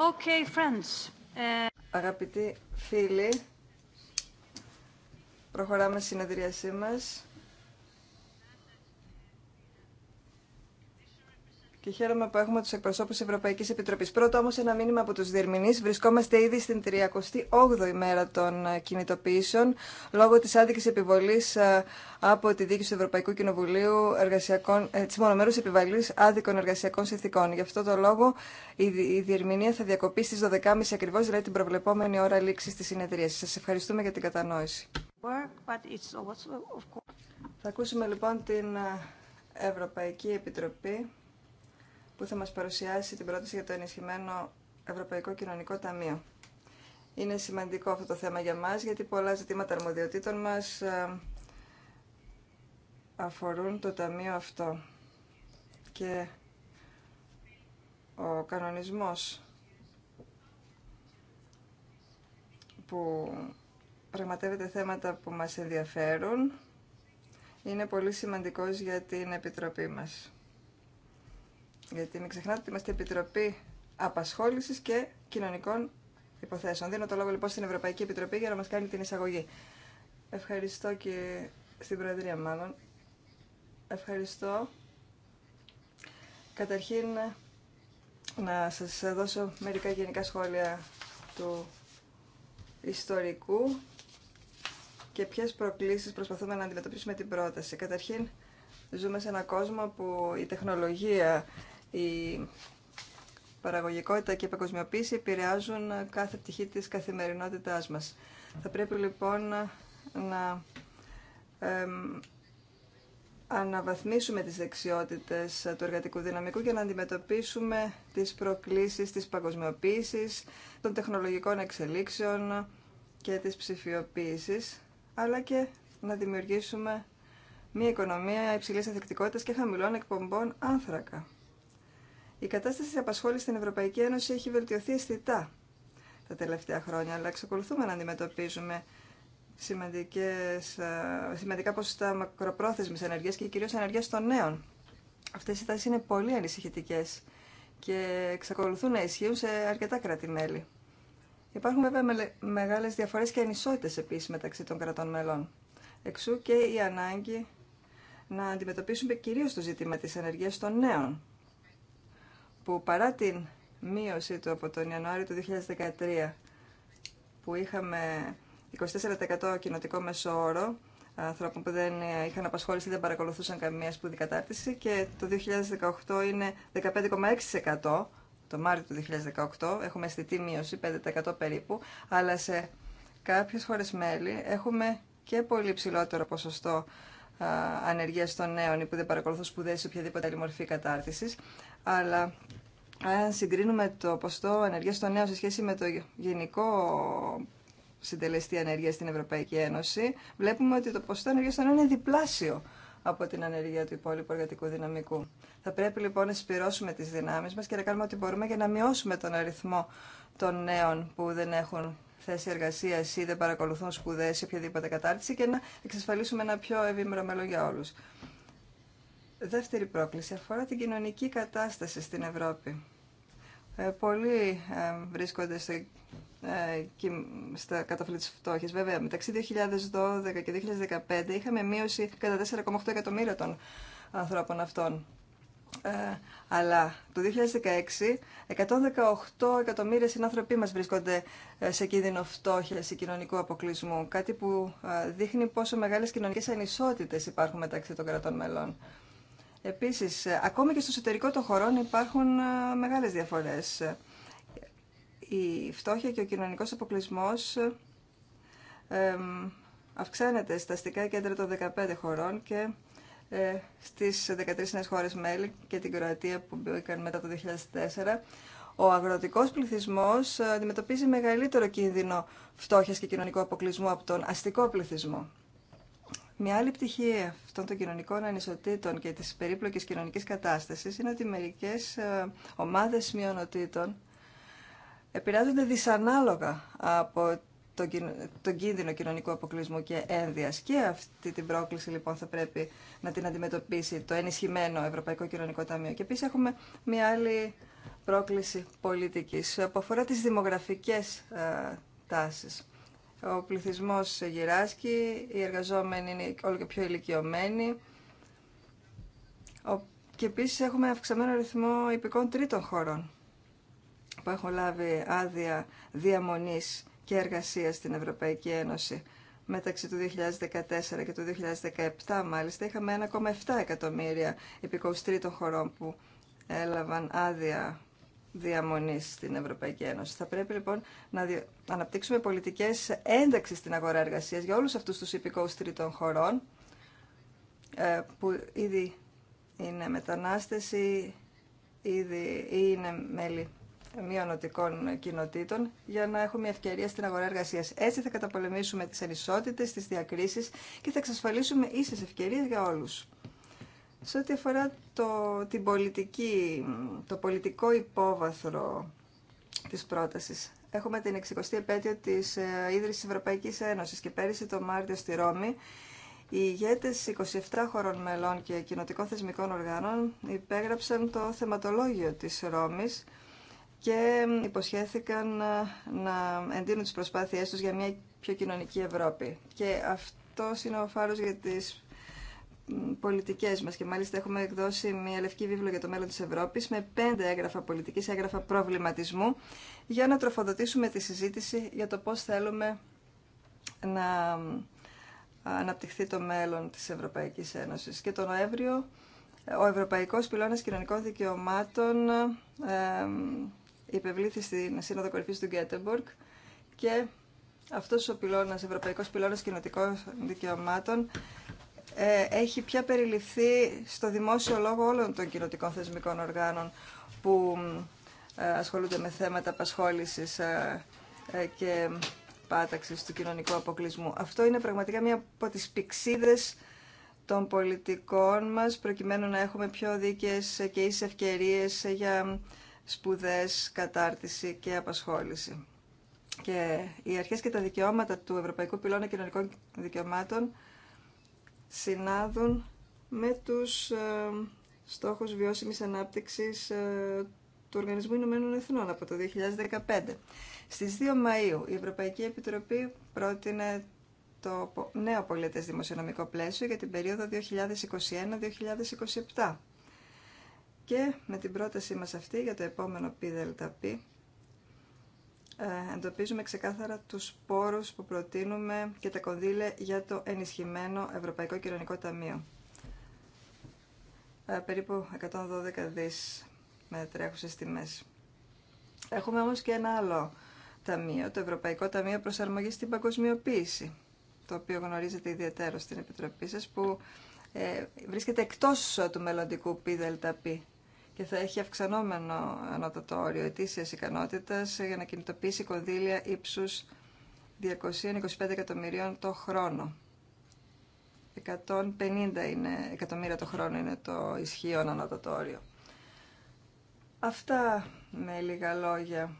Okay, friends. Ε, Αγαπητοί φίλοι, προχωράμε στη συνεδρίασή μας. και χαίρομαι που έχουμε του εκπροσώπου τη Ευρωπαϊκής Επιτροπής. Πρώτο όμως ένα μήνυμα από του Διερμηνεί. Βρισκόμαστε ήδη στην 38η μέρα των ε, κινητοποιήσεων λόγω τη άδική επιβολή ε, από τη δίκη του Ευρωπαϊκού Κοινοβουλίου εργασιακών, ε, της μονομέρους επιβαλής άδικων εργασιακών συνθήκων. Γι' αυτό το λόγο η, η διερμηνία θα διακοπεί στις 12.30 ακριβώς, δηλαδή την προβλεπόμενη ώρα λήξης της συνεδρίας. Σας ευχαριστούμε για την κατανόηση. Θα ακούσουμε λοιπόν την ε, Ευρωπαϊκή Επιτροπή που θα μας παρουσιάσει την πρόταση για το ενισχυμένο Ευρωπαϊκό Κοινωνικό Ταμείο. Είναι σημαντικό αυτό το θέμα για μας, γιατί πολλά ζητήματα αρμοδιοτήτων μας ε, αφορούν το ταμείο αυτό. Και ο κανονισμός που πραγματεύεται θέματα που μας ενδιαφέρουν είναι πολύ σημαντικός για την Επιτροπή μας. Γιατί μην ξεχνάτε ότι είμαστε Επιτροπή Απασχόλησης και Κοινωνικών Υποθέσεων. Δίνω το λόγο λοιπόν στην Ευρωπαϊκή Επιτροπή για να μας κάνει την εισαγωγή. Ευχαριστώ και στην Προεδρία μάλλον. Ευχαριστώ. Καταρχήν να σας δώσω μερικά γενικά σχόλια του ιστορικού και ποιες προκλήσεις προσπαθούμε να αντιμετωπίσουμε την πρόταση. Καταρχήν, ζούμε σε έναν κόσμο που η τεχνολογία η παραγωγικότητα και η παγκοσμιοποίηση επηρεάζουν κάθε πτυχή της καθημερινότητάς μας. Θα πρέπει λοιπόν να αναβαθμίσουμε τις δεξιότητες του εργατικού δυναμικού για να αντιμετωπίσουμε τις προκλήσεις της παγκοσμιοποίησης, των τεχνολογικών εξελίξεων και της ψηφιοποίησης, αλλά και να δημιουργήσουμε μια οικονομία υψηλής ανθεκτικότητας και χαμηλών εκπομπών άνθρακα. Η κατάσταση της απασχόλησης στην Ευρωπαϊκή Ένωση έχει βελτιωθεί αισθητά τα τελευταία χρόνια, αλλά εξακολουθούμε να αντιμετωπίζουμε σημαντικές, σημαντικά ποσοστά μακροπρόθεσμης ενέργεια και κυρίως ενέργεια των νέων. Αυτές οι τάσεις είναι πολύ ανησυχητικέ και εξακολουθούν να ισχύουν σε αρκετά κράτη-μέλη. Υπάρχουν βέβαια μεγάλες διαφορές και ανισότητες επίσης μεταξύ των κρατών μελών. Εξού και η ανάγκη να αντιμετωπίσουμε κυρίως το ζήτημα της ενέργεια των νέων που παρά την μείωση του από τον Ιανουάριο του 2013 που είχαμε 24% κοινοτικό μεσόωρο ανθρώπων που δεν είχαν απασχόληση ή δεν παρακολουθούσαν καμία σπουδή κατάρτιση και το 2018 είναι 15,6% το Μάρτιο του 2018, έχουμε αισθητή μείωση 5% περίπου, αλλά σε κάποιες χώρες μέλη έχουμε και πολύ ψηλότερο ποσοστό ανεργία των νέων ή που δεν παρακολουθούν σπουδέ ή οποιαδήποτε άλλη μορφή κατάρτιση. Αλλά αν συγκρίνουμε το ποστό ενεργείας των νέων σε σχέση με το γενικό συντελεστή ανεργία στην Ευρωπαϊκή Ένωση, βλέπουμε ότι το ποστό ανεργίας των νέων είναι διπλάσιο από την ανεργία του υπόλοιπου εργατικού δυναμικού. Θα πρέπει λοιπόν να σπυρώσουμε τις δυνάμεις μας και να κάνουμε ό,τι μπορούμε για να μειώσουμε τον αριθμό των νέων που δεν έχουν θέση εργασία ή δεν παρακολουθούν σπουδέ ή οποιαδήποτε κατάρτιση και να εξασφαλίσουμε ένα πιο ευήμερο μέλλον για όλου. Δεύτερη πρόκληση αφορά την κοινωνική κατάσταση στην Ευρώπη. Ε, πολλοί ε, βρίσκονται σε, ε, στα καταφύλλα τη φτώχεια, Βέβαια, μεταξύ 2012 και 2015 είχαμε μείωση κατά 4,8 εκατομμύρια των ανθρώπων αυτών. αλλά το 2016 118 εκατομμύρια συνάνθρωποι μας βρίσκονται σε κίνδυνο φτώχεια ή κοινωνικού αποκλεισμού, κάτι που δείχνει πόσο μεγάλες κοινωνικές ανισότητες υπάρχουν μεταξύ των κρατών μελών. Επίσης, ε, ακόμη και στο εσωτερικό των χωρών υπάρχουν ε, μεγάλες διαφορές. Η φτώχεια και ο κοινωνικός αποκλεισμός ε, αυξάνεται στα αστικά κέντρα των 15 χωρών και στις 13 νέες χώρες μέλη και την Κροατία που μπήκαν μετά το 2004, ο αγροτικός πληθυσμός αντιμετωπίζει μεγαλύτερο κίνδυνο φτώχειας και κοινωνικού αποκλεισμού από τον αστικό πληθυσμό. Μια άλλη πτυχή αυτών των κοινωνικών ανισοτήτων και της περίπλοκης κοινωνικής κατάστασης είναι ότι μερικές ε, ομάδες μειονοτήτων επηρεάζονται δυσανάλογα από τον κίνδυνο κοινωνικού αποκλεισμού και ένδυας. Και αυτή την πρόκληση λοιπόν θα πρέπει να την αντιμετωπίσει το ενισχυμένο Ευρωπαϊκό Κοινωνικό Ταμείο. Και επίσης έχουμε μια άλλη πρόκληση πολιτικής που αφορά τις δημογραφικές ε, τάσεις ο πληθυσμός γυράσκει, οι εργαζόμενοι είναι όλο και πιο ηλικιωμένοι και επίσης έχουμε αυξαμένο ρυθμό υπηκών τρίτων χωρών που έχουν λάβει άδεια διαμονής και εργασίας στην Ευρωπαϊκή Ένωση. Μεταξύ του 2014 και του 2017 μάλιστα είχαμε 1,7 εκατομμύρια υπηκών τρίτων χωρών που έλαβαν άδεια Διαμονή στην Ευρωπαϊκή Ένωση. Θα πρέπει λοιπόν να αναπτύξουμε πολιτικές ένταξης στην αγορά εργασίας για όλους αυτούς τους υπηκόου τρίτων χωρών ε, που ήδη είναι μετανάστες ή ή είναι μέλη μειονοτικών κοινοτήτων για να έχουμε ευκαιρία στην αγορά εργασίας. Έτσι θα καταπολεμήσουμε τις ανισότητε, τις διακρίσει και θα εξασφαλίσουμε ίσε ευκαιρίε για όλου. Σε ό,τι αφορά το, την πολιτική, το πολιτικό υπόβαθρο της πρότασης, έχουμε την 60η επέτειο της ε, ίδρυσης Ευρωπαϊκής Ένωσης και πέρυσι το Μάρτιο στη Ρώμη οι ηγέτες 27 χωρών μελών και κοινοτικών θεσμικών οργάνων υπέγραψαν το θεματολόγιο της Ρώμης και υποσχέθηκαν ε, να εντείνουν τις προσπάθειές τους για μια πιο κοινωνική Ευρώπη. Και αυτό είναι ο φάρος για τις πολιτικέ μα. και μάλιστα έχουμε εκδώσει μια λευκή βίβλο για το μέλλον τη Ευρώπη με πέντε έγγραφα πολιτική, έγγραφα προβληματισμού για να τροφοδοτήσουμε τη συζήτηση για το πώ θέλουμε να αναπτυχθεί το μέλλον της Ευρωπαϊκής Ένωσης. Και τον Νοέμβριο ο Ευρωπαϊκός Πυλώνας Κοινωνικών Δικαιωμάτων ε, υπευλήθη στην Σύνοδο Κορυφής του Γκέτεμπορκ και αυτός ο πυλώνας, Ευρωπαϊκός Πυλώνας Κοινωνικών Δικαιωμάτων ε, έχει πια περιληφθεί στο δημόσιο λόγο όλων των κοινοτικών θεσμικών οργάνων που ε, ασχολούνται με θέματα απασχόλησης ε, και πάταξης του κοινωνικού αποκλεισμού. Αυτό είναι πραγματικά μία από τις πηξίδες των πολιτικών μας προκειμένου να έχουμε πιο δίκαιες και ίσες ευκαιρίες για σπουδές, κατάρτιση και απασχόληση. Και οι αρχές και τα δικαιώματα του Ευρωπαϊκού Πυλώνα Κοινωνικών Δικαιωμάτων συνάδουν με τους ε, στόχους βιώσιμης ανάπτυξης ε, του Οργανισμού Ηνωμένων Εθνών από το 2015. Στις 2 Μαΐου η Ευρωπαϊκή Επιτροπή πρότεινε το νέο πολίτες δημοσιονομικό πλαίσιο για την περίοδο 2021-2027. Και με την πρότασή μας αυτή για το επόμενο ΠΔΠ ε, εντοπίζουμε ξεκάθαρα τους πόρους που προτείνουμε και τα κονδύλια για το ενισχυμένο Ευρωπαϊκό Κοινωνικό Ταμείο. Ε, περίπου 112 δις με τρέχουσες τιμές. Έχουμε όμως και ένα άλλο ταμείο, το Ευρωπαϊκό Ταμείο Προσαρμογής στην Παγκοσμιοποίηση, το οποίο γνωρίζετε ιδιαίτερα στην Επιτροπή σας, που ε, βρίσκεται εκτός του μελλοντικού πι και θα έχει αυξανόμενο ανώτατο όριο ετήσια ικανότητα για να κινητοποιήσει κονδύλια ύψου 225 εκατομμυρίων το χρόνο. 150 είναι, εκατομμύρια το χρόνο είναι το ισχύον ανώτατο όριο. Αυτά με λίγα λόγια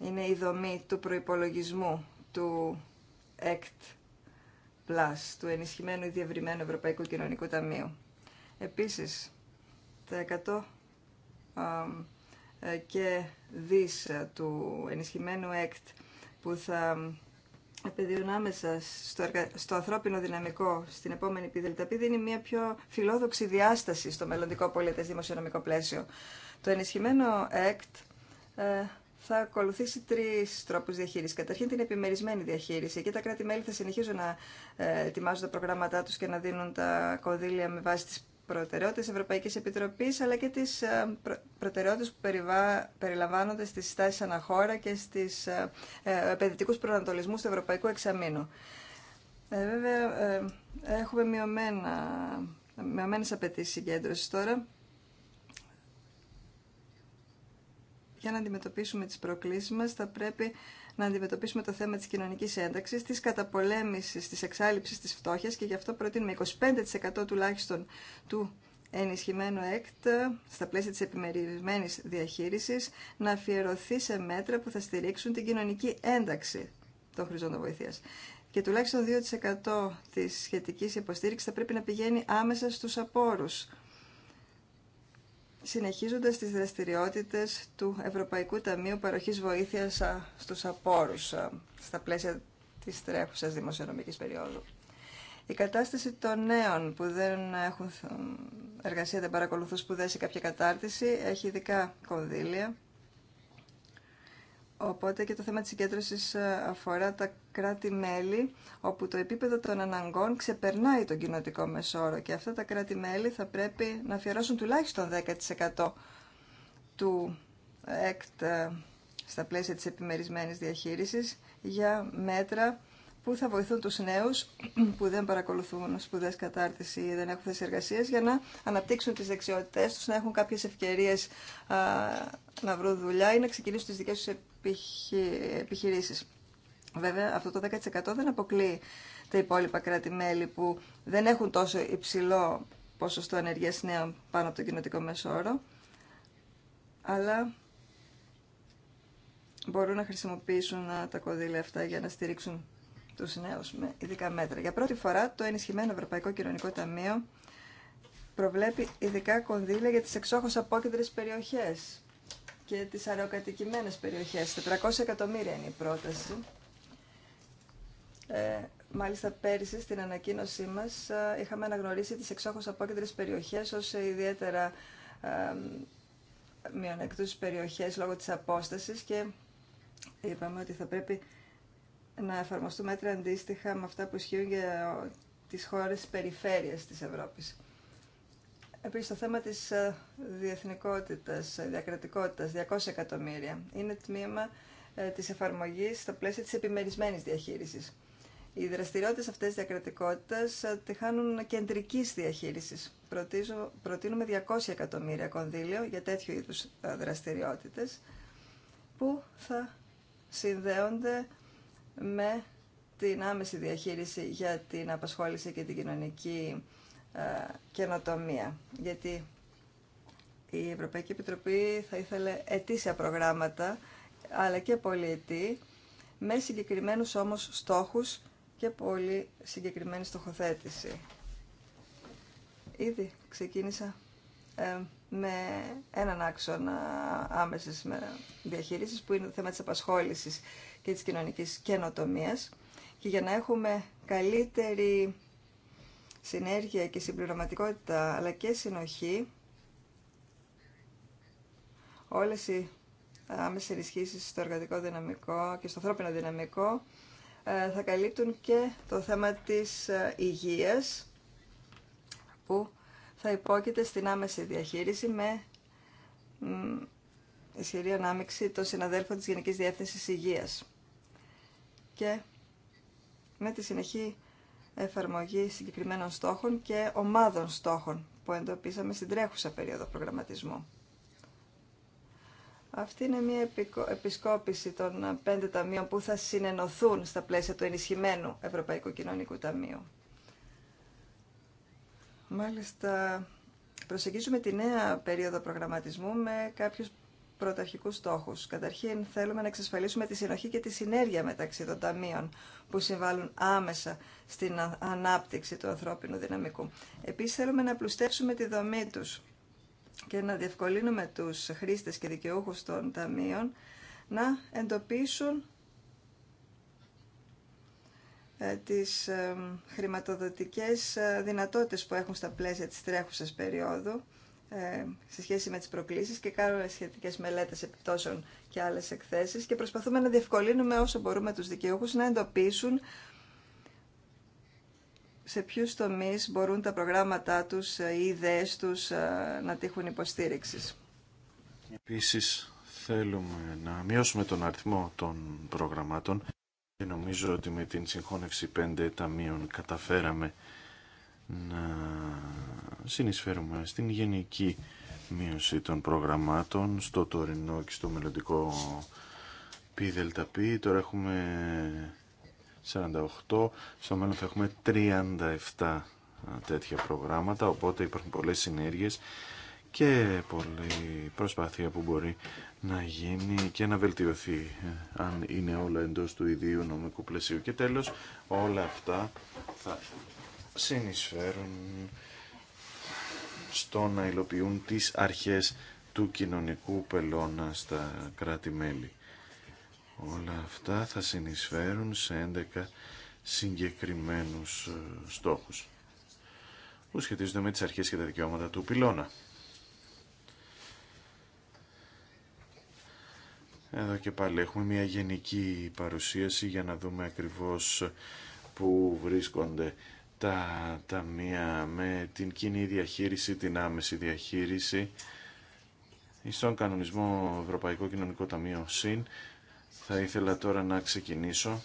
είναι η δομή του προϋπολογισμού του ΕΚΤ Plus, του ενισχυμένου ή διευρυμένου Ευρωπαϊκού Κοινωνικού Ταμείου. Επίσης, τα ε, και δις ε, του ενισχυμένου ΕΚΤ που θα επενδύουν άμεσα στο, στο ανθρώπινο δυναμικό στην επόμενη πηδελταπή δίνει μια πιο φιλόδοξη διάσταση στο μελλοντικό πολιτές δημοσιονομικό πλαίσιο. Το ενισχυμένο ΕΚΤ ε, θα ακολουθήσει τρεις τρόπους διαχείρισης. Καταρχήν την επιμερισμένη διαχείριση. Εκεί τα κράτη-μέλη θα συνεχίζουν να ετοιμάζουν τα προγράμματά τους και να δίνουν τα κονδύλια με βάση τι προτεραιότητες Ευρωπαϊκής Επιτροπής αλλά και τις ε, προτεραιότητες που περιλαμβάνονται στις στάσεις αναχώρα και στις ε, ε, επενδυτικούς προανατολισμούς του Ευρωπαϊκού Εξαμήνου. Ε, βέβαια, έχουμε μειωμένα, μειωμένες απαιτήσεις συγκέντρωσης τώρα για να αντιμετωπίσουμε τις προκλήσεις μας θα πρέπει να αντιμετωπίσουμε το θέμα της κοινωνικής ένταξη, της καταπολέμησης, της εξάλληψη τη φτώχεια, και γι' αυτό προτείνουμε 25% τουλάχιστον του ενισχυμένου ΕΚΤ ε, στα πλαίσια της επιμερισμένης διαχείρισης να αφιερωθεί σε μέτρα που θα στηρίξουν την κοινωνική ένταξη των χρηζών βοηθείας. Και τουλάχιστον 2% της σχετικής υποστήριξης θα πρέπει να πηγαίνει άμεσα στους απόρους συνεχίζοντας τις δραστηριότητες του Ευρωπαϊκού Ταμείου Παροχής Βοήθειας στους Απόρους στα πλαίσια της τρέχουσας δημοσιονομικής περίοδου. Η κατάσταση των νέων που δεν έχουν εργασία, δεν παρακολουθούν σπουδέ ή κάποια κατάρτιση, έχει ειδικά κονδύλια Οπότε και το θέμα της συγκέντρωσης ε, αφορά τα κράτη-μέλη, όπου το επίπεδο των αναγκών ξεπερνάει τον κοινοτικό μεσόρο και αυτά τα κράτη-μέλη θα πρέπει να αφιερώσουν τουλάχιστον 10% του ΕΚΤ ε, στα πλαίσια της επιμερισμένης διαχείρισης για μέτρα που θα βοηθούν τους νέους που δεν παρακολουθούν σπουδές κατάρτιση ή δεν έχουν θέσει εργασίας για να αναπτύξουν τις δεξιότητές τους, να έχουν κάποιες ευκαιρίες να βρουν δουλειά ή να ξεκινήσουν τις δικές τους επιχει... επιχειρήσεις. Βέβαια, αυτό το 10% δεν αποκλεί τα υπόλοιπα κράτη-μέλη που δεν έχουν τόσο υψηλό ποσοστό ενεργείας νέων πάνω από το κοινοτικό μέσο αλλά μπορούν να χρησιμοποιήσουν τα κονδύλια αυτά για να στηρίξουν τους νέους με ειδικά μέτρα. Για πρώτη φορά το ενισχυμένο Ευρωπαϊκό Κοινωνικό Ταμείο προβλέπει ειδικά κονδύλια για τις εξόχως απόκεντρες περιοχές και τις αεροκατοικημένε περιοχές. 400 εκατομμύρια είναι η πρόταση. Ε, μάλιστα πέρυσι στην ανακοίνωσή μας ε, είχαμε αναγνωρίσει τις εξόχως απόκεντρε περιοχέ ω ιδιαίτερα ε, μειονεκτούς περιοχές λόγω της απόστασης και είπαμε ότι θα πρέπει να εφαρμοστούν μέτρα αντίστοιχα με αυτά που ισχύουν για τις χώρες της περιφέρειας της Ευρώπης. Επίσης, το θέμα της ε, διεθνικότητας, ε, διακρατικότητας, 200 εκατομμύρια, είναι τμήμα ε, της εφαρμογής στα πλαίσια της επιμερισμένης διαχείρισης. Οι δραστηριότητες αυτές διακρατικότητας τη χάνουν κεντρικής διαχείρισης. προτείνουμε 200 εκατομμύρια κονδύλιο για τέτοιου είδους δραστηριότητες που θα συνδέονται με την άμεση διαχείριση για την απασχόληση και την κοινωνική ε, καινοτομία. Γιατί η Ευρωπαϊκή Επιτροπή θα ήθελε ετήσια προγράμματα, αλλά και πολυετή, με συγκεκριμένους όμως στόχους και πολύ συγκεκριμένη στοχοθέτηση. Ήδη ξεκίνησα ε, με έναν άξονα άμεσης διαχείρισης που είναι το θέμα της απασχόλησης και της κοινωνικής καινοτομίας και για να έχουμε καλύτερη συνέργεια και συμπληρωματικότητα αλλά και συνοχή όλες οι άμεσες ενισχύσεις στο εργατικό δυναμικό και στο ανθρώπινο δυναμικό ε, θα καλύπτουν και το θέμα της ε, υγείας που θα υπόκειται στην άμεση διαχείριση με ισχυρή ανάμειξη των συναδέλφων της Γενικής Διεύθυνσης Υγείας και με τη συνεχή εφαρμογή συγκεκριμένων στόχων και ομάδων στόχων που εντοπίσαμε στην τρέχουσα περίοδο προγραμματισμού. Αυτή είναι μια επισκόπηση των πέντε ταμείων που θα συνενωθούν στα πλαίσια του ενισχυμένου Ευρωπαϊκού Κοινωνικού Ταμείου. Μάλιστα, προσεγγίζουμε τη νέα περίοδο προγραμματισμού με κάποιους πρωταρχικού στόχους. Καταρχήν θέλουμε να εξασφαλίσουμε τη συνοχή και τη συνέργεια μεταξύ των ταμείων που συμβάλλουν άμεσα στην ανάπτυξη του ανθρώπινου δυναμικού. Επίσης θέλουμε να πλουστεύσουμε τη δομή του και να διευκολύνουμε τους χρήστες και δικαιούχου των ταμείων να εντοπίσουν ε, τις ε, χρηματοδοτικές ε, δυνατότητες που έχουν στα πλαίσια της τρέχουσας περίοδου ε, σε σχέση με τις προκλήσεις και κάνουμε σχετικές μελέτες επιπτώσεων και άλλες εκθέσεις και προσπαθούμε να διευκολύνουμε όσο μπορούμε τους δικαιούχους να εντοπίσουν σε ποιου τομεί μπορούν τα προγράμματά τους ε, οι ιδέες τους ε, να τύχουν υποστήριξης. Επίσης θέλουμε να μειώσουμε τον αριθμό των προγραμμάτων και νομίζω ότι με την συγχώνευση πέντε ταμείων καταφέραμε να συνεισφέρουμε στην γενική μείωση των προγραμμάτων στο τωρινό και στο μελλοντικό ΠΔΠ. Τώρα έχουμε 48, στο μέλλον θα έχουμε 37 τέτοια προγράμματα, οπότε υπάρχουν πολλές συνέργειες και πολλή προσπάθεια που μπορεί να γίνει και να βελτιωθεί ε, αν είναι όλα εντός του ιδίου νομικού πλαισίου. Και τέλος όλα αυτά θα συνεισφέρουν στο να υλοποιούν τις αρχές του κοινωνικού πελώνα στα κράτη-μέλη. Όλα αυτά θα συνεισφέρουν σε 11 συγκεκριμένους ε, στόχους που σχετίζονται με τις αρχές και τα δικαιώματα του πυλώνα. Εδώ και πάλι έχουμε μια γενική παρουσίαση για να δούμε ακριβώς που βρίσκονται τα ταμεία με την κοινή διαχείριση, την άμεση διαχείριση στον κανονισμό Ευρωπαϊκό Κοινωνικό Ταμείο ΣΥΝ. Θα ήθελα τώρα να ξεκινήσω.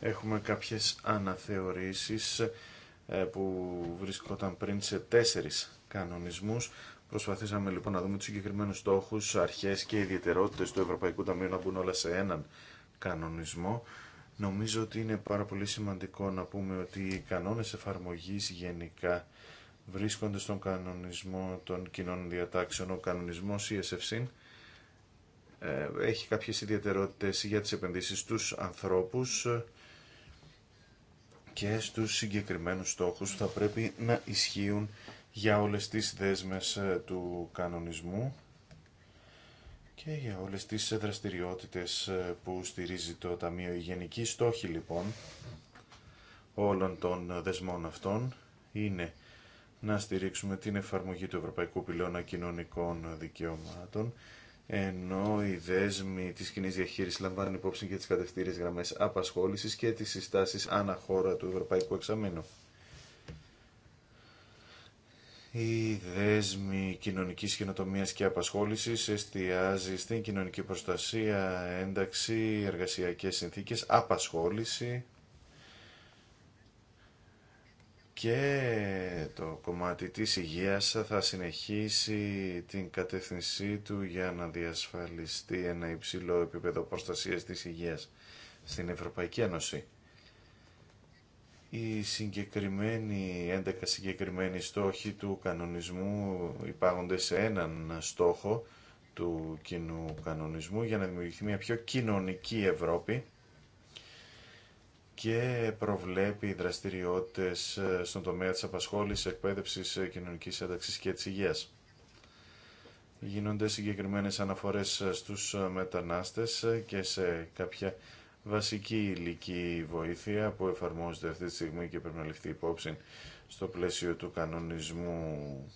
Έχουμε κάποιες αναθεωρήσεις ε, που βρισκόταν πριν σε τέσσερις κανονισμούς. Προσπαθήσαμε λοιπόν να δούμε τους συγκεκριμένους στόχους, αρχές και ιδιαιτερότητες του Ευρωπαϊκού Ταμείου να μπουν όλα σε έναν κανονισμό. Νομίζω ότι είναι πάρα πολύ σημαντικό να πούμε ότι οι κανόνες εφαρμογής γενικά βρίσκονται στον κανονισμό των κοινών διατάξεων. Ο κανονισμός ESFC ε, έχει κάποιες ιδιαιτερότητες για τις επενδύσεις στους ανθρώπους και στους συγκεκριμένους στόχους που θα πρέπει να ισχύουν για όλες τις δέσμες ε, του κανονισμού και για όλες τις δραστηριότητες ε, που στηρίζει το Ταμείο. Η γενική στόχη λοιπόν όλων των δεσμών αυτών είναι να στηρίξουμε την εφαρμογή του Ευρωπαϊκού Πυλώνα Κοινωνικών Δικαιωμάτων, ενώ οι δέσμοι της κοινή διαχείριση λαμβάνουν υπόψη και τις κατευθύνες γραμμές απασχόλησης και τις συστάσεις αναχώρα του Ευρωπαϊκού Εξαμήνου. Η δέσμη κοινωνικής καινοτομία και απασχόλησης εστιάζει στην κοινωνική προστασία, ένταξη, εργασιακέ συνθήκες, απασχόληση και το κομμάτι της υγείας θα συνεχίσει την κατεύθυνσή του για να διασφαλιστεί ένα υψηλό επίπεδο προστασίας της υγείας στην Ευρωπαϊκή Ένωση. Οι συγκεκριμένοι, 11 συγκεκριμένοι στόχοι του κανονισμού υπάγονται σε έναν στόχο του κοινού κανονισμού για να δημιουργηθεί μια πιο κοινωνική Ευρώπη και προβλέπει δραστηριότητες ε, στον τομέα της απασχόλησης, εκπαίδευσης, ε, κοινωνικής ένταξης και της υγείας. Γίνονται συγκεκριμένες αναφορές ε, στους μετανάστες και σε κάποια βασική ηλική βοήθεια που εφαρμόζεται αυτή τη στιγμή και πρέπει να ληφθεί υπόψη στο πλαίσιο του κανονισμού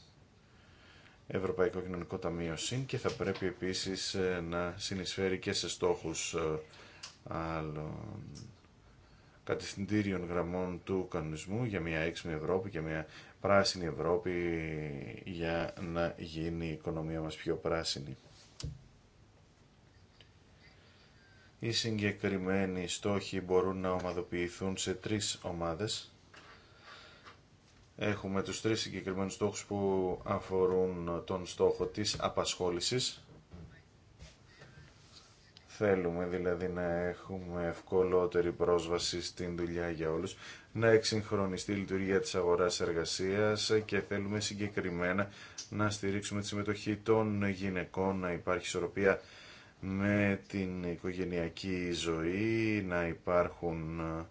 Ευρωπαϊκό Κοινωνικό Ταμείο ΣΥΝ και θα πρέπει επίσης ε, να συνεισφέρει και σε στόχους ε, άλλων κατευθυντήριων γραμμών του κανονισμού για μια έξυπνη Ευρώπη και μια πράσινη Ευρώπη για να γίνει η οικονομία μας πιο πράσινη. Οι συγκεκριμένοι στόχοι μπορούν να ομαδοποιηθούν σε τρεις ομάδες. Έχουμε τους τρεις συγκεκριμένους στόχους που αφορούν τον στόχο της απασχόλησης. Θέλουμε δηλαδή να έχουμε ευκολότερη πρόσβαση στην δουλειά για όλους, να εξυγχρονιστεί η λειτουργία της αγοράς εργασίας και θέλουμε συγκεκριμένα να στηρίξουμε τη συμμετοχή των γυναικών, να υπάρχει ισορροπία με την οικογενειακή ζωή, να υπάρχουν ε,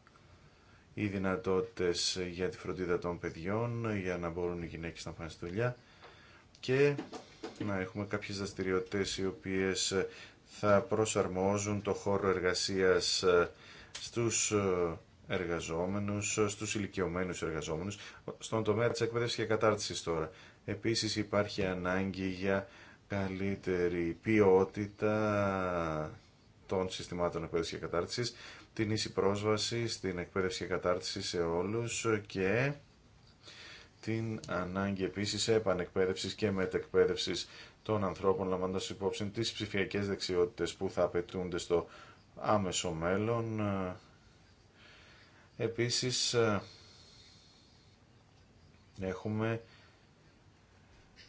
οι δυνατότητες για τη φροντίδα των παιδιών, για να μπορούν οι γυναίκες να πάνε στη δουλειά και να έχουμε κάποιες δραστηριότητε οι οποίες θα προσαρμόζουν το χώρο εργασίας ε, στους ε, εργαζόμενους, στους ηλικιωμένους εργαζόμενους, στον τομέα της εκπαίδευσης και κατάρτισης τώρα. Επίσης υπάρχει ανάγκη για καλύτερη ποιότητα των συστημάτων εκπαίδευση και κατάρτισης, την ίση πρόσβαση στην εκπαίδευση και κατάρτιση σε όλους και την ανάγκη επίσης επανεκπαίδευσης και μετεκπαίδευσης των ανθρώπων λαμβάνοντας υπόψη τις ψηφιακέ δεξιότητε που θα απαιτούνται στο άμεσο μέλλον. Επίσης έχουμε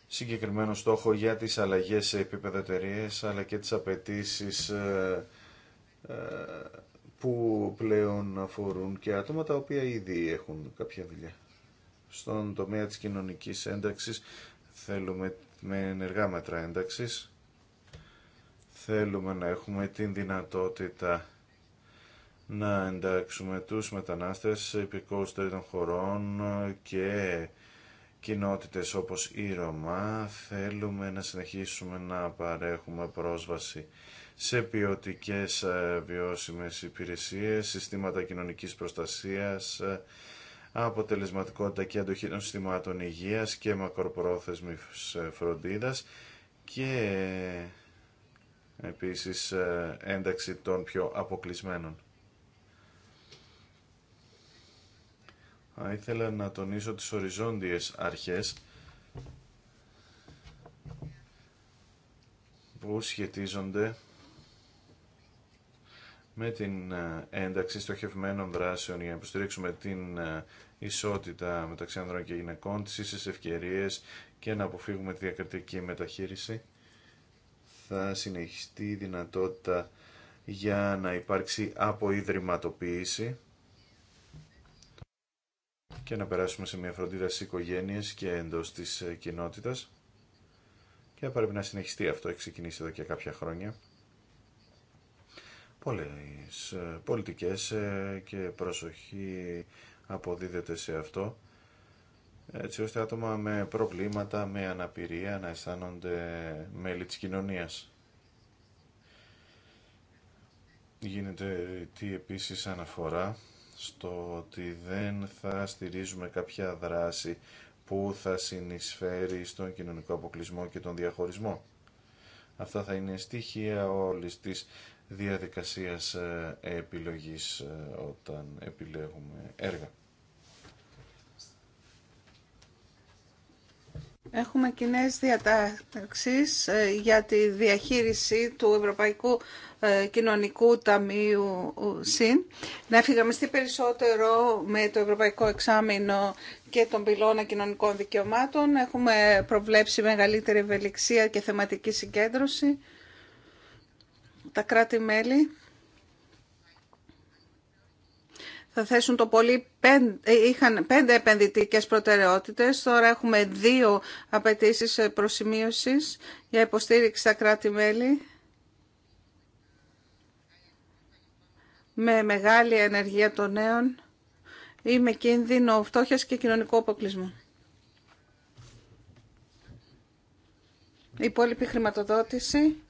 συγκεκριμένο στόχο για τις αλλαγές σε επίπεδο εταιρείε, αλλά και τις απαιτήσει ε, ε, που πλέον αφορούν και άτομα τα οποία ήδη έχουν κάποια δουλειά. Στον τομέα της κοινωνικής ένταξης θέλουμε με ενεργά μέτρα ένταξης θέλουμε να έχουμε την δυνατότητα να εντάξουμε τους μετανάστες υπηκόους τρίτων χωρών και κοινότητες όπως η Ρωμά θέλουμε να συνεχίσουμε να παρέχουμε πρόσβαση σε ποιοτικέ ε, βιώσιμες υπηρεσίες, συστήματα κοινωνικής προστασίας, ε, αποτελεσματικότητα και αντοχή των συστημάτων υγείας και μακροπρόθεσμης ε, φροντίδας και επίσης ένταξη των πιο αποκλεισμένων. Θα ήθελα να τονίσω τις οριζόντιες αρχές που σχετίζονται με την ε, ένταξη στοχευμένων δράσεων για να υποστηρίξουμε την ε, ισότητα μεταξύ ανδρών και γυναικών, τις ίσες ευκαιρίες και να αποφύγουμε τη διακριτική μεταχείριση. Θα συνεχιστεί η δυνατότητα για να υπάρξει αποϊδρυματοποίηση και να περάσουμε σε μια φροντίδα στι οικογένειε και εντός της ε, κοινότητα και πρέπει να συνεχιστεί αυτό, έχει ξεκινήσει εδώ και κάποια χρόνια. Πολλέ ε, πολιτικές ε, και προσοχή αποδίδεται σε αυτό έτσι ώστε άτομα με προβλήματα, με αναπηρία να αισθάνονται μέλη της κοινωνίας. Γίνεται τι επίσης αναφορά στο ότι δεν θα στηρίζουμε κάποια δράση που θα συνεισφέρει στον κοινωνικό αποκλεισμό και τον διαχωρισμό. Αυτά θα είναι στοιχεία όλης της διαδικασίας ε, επιλογής ε, όταν επιλέγουμε έργα. Έχουμε κοινέ διατάξει ε, για τη διαχείριση του Ευρωπαϊκού ε, Κοινωνικού Ταμείου ε, ΣΥΝ. Να εφηγαμιστεί περισσότερο με το Ευρωπαϊκό Εξάμεινο και τον πυλώνα κοινωνικών δικαιωμάτων. Έχουμε προβλέψει μεγαλύτερη ευελιξία και θεματική συγκέντρωση. Τα κράτη-μέλη θα θέσουν το πολύ, ε, είχαν πέντε επενδυτικές προτεραιότητες, τώρα έχουμε δύο απαιτήσει ε, προσημείωσης για υποστήριξη στα κράτη-μέλη. Με μεγάλη ενεργεία των νέων ή με κίνδυνο φτώχειας και κοινωνικού αποκλεισμού. Η με κινδυνο φτωχειας και κοινωνικό χρηματοδότηση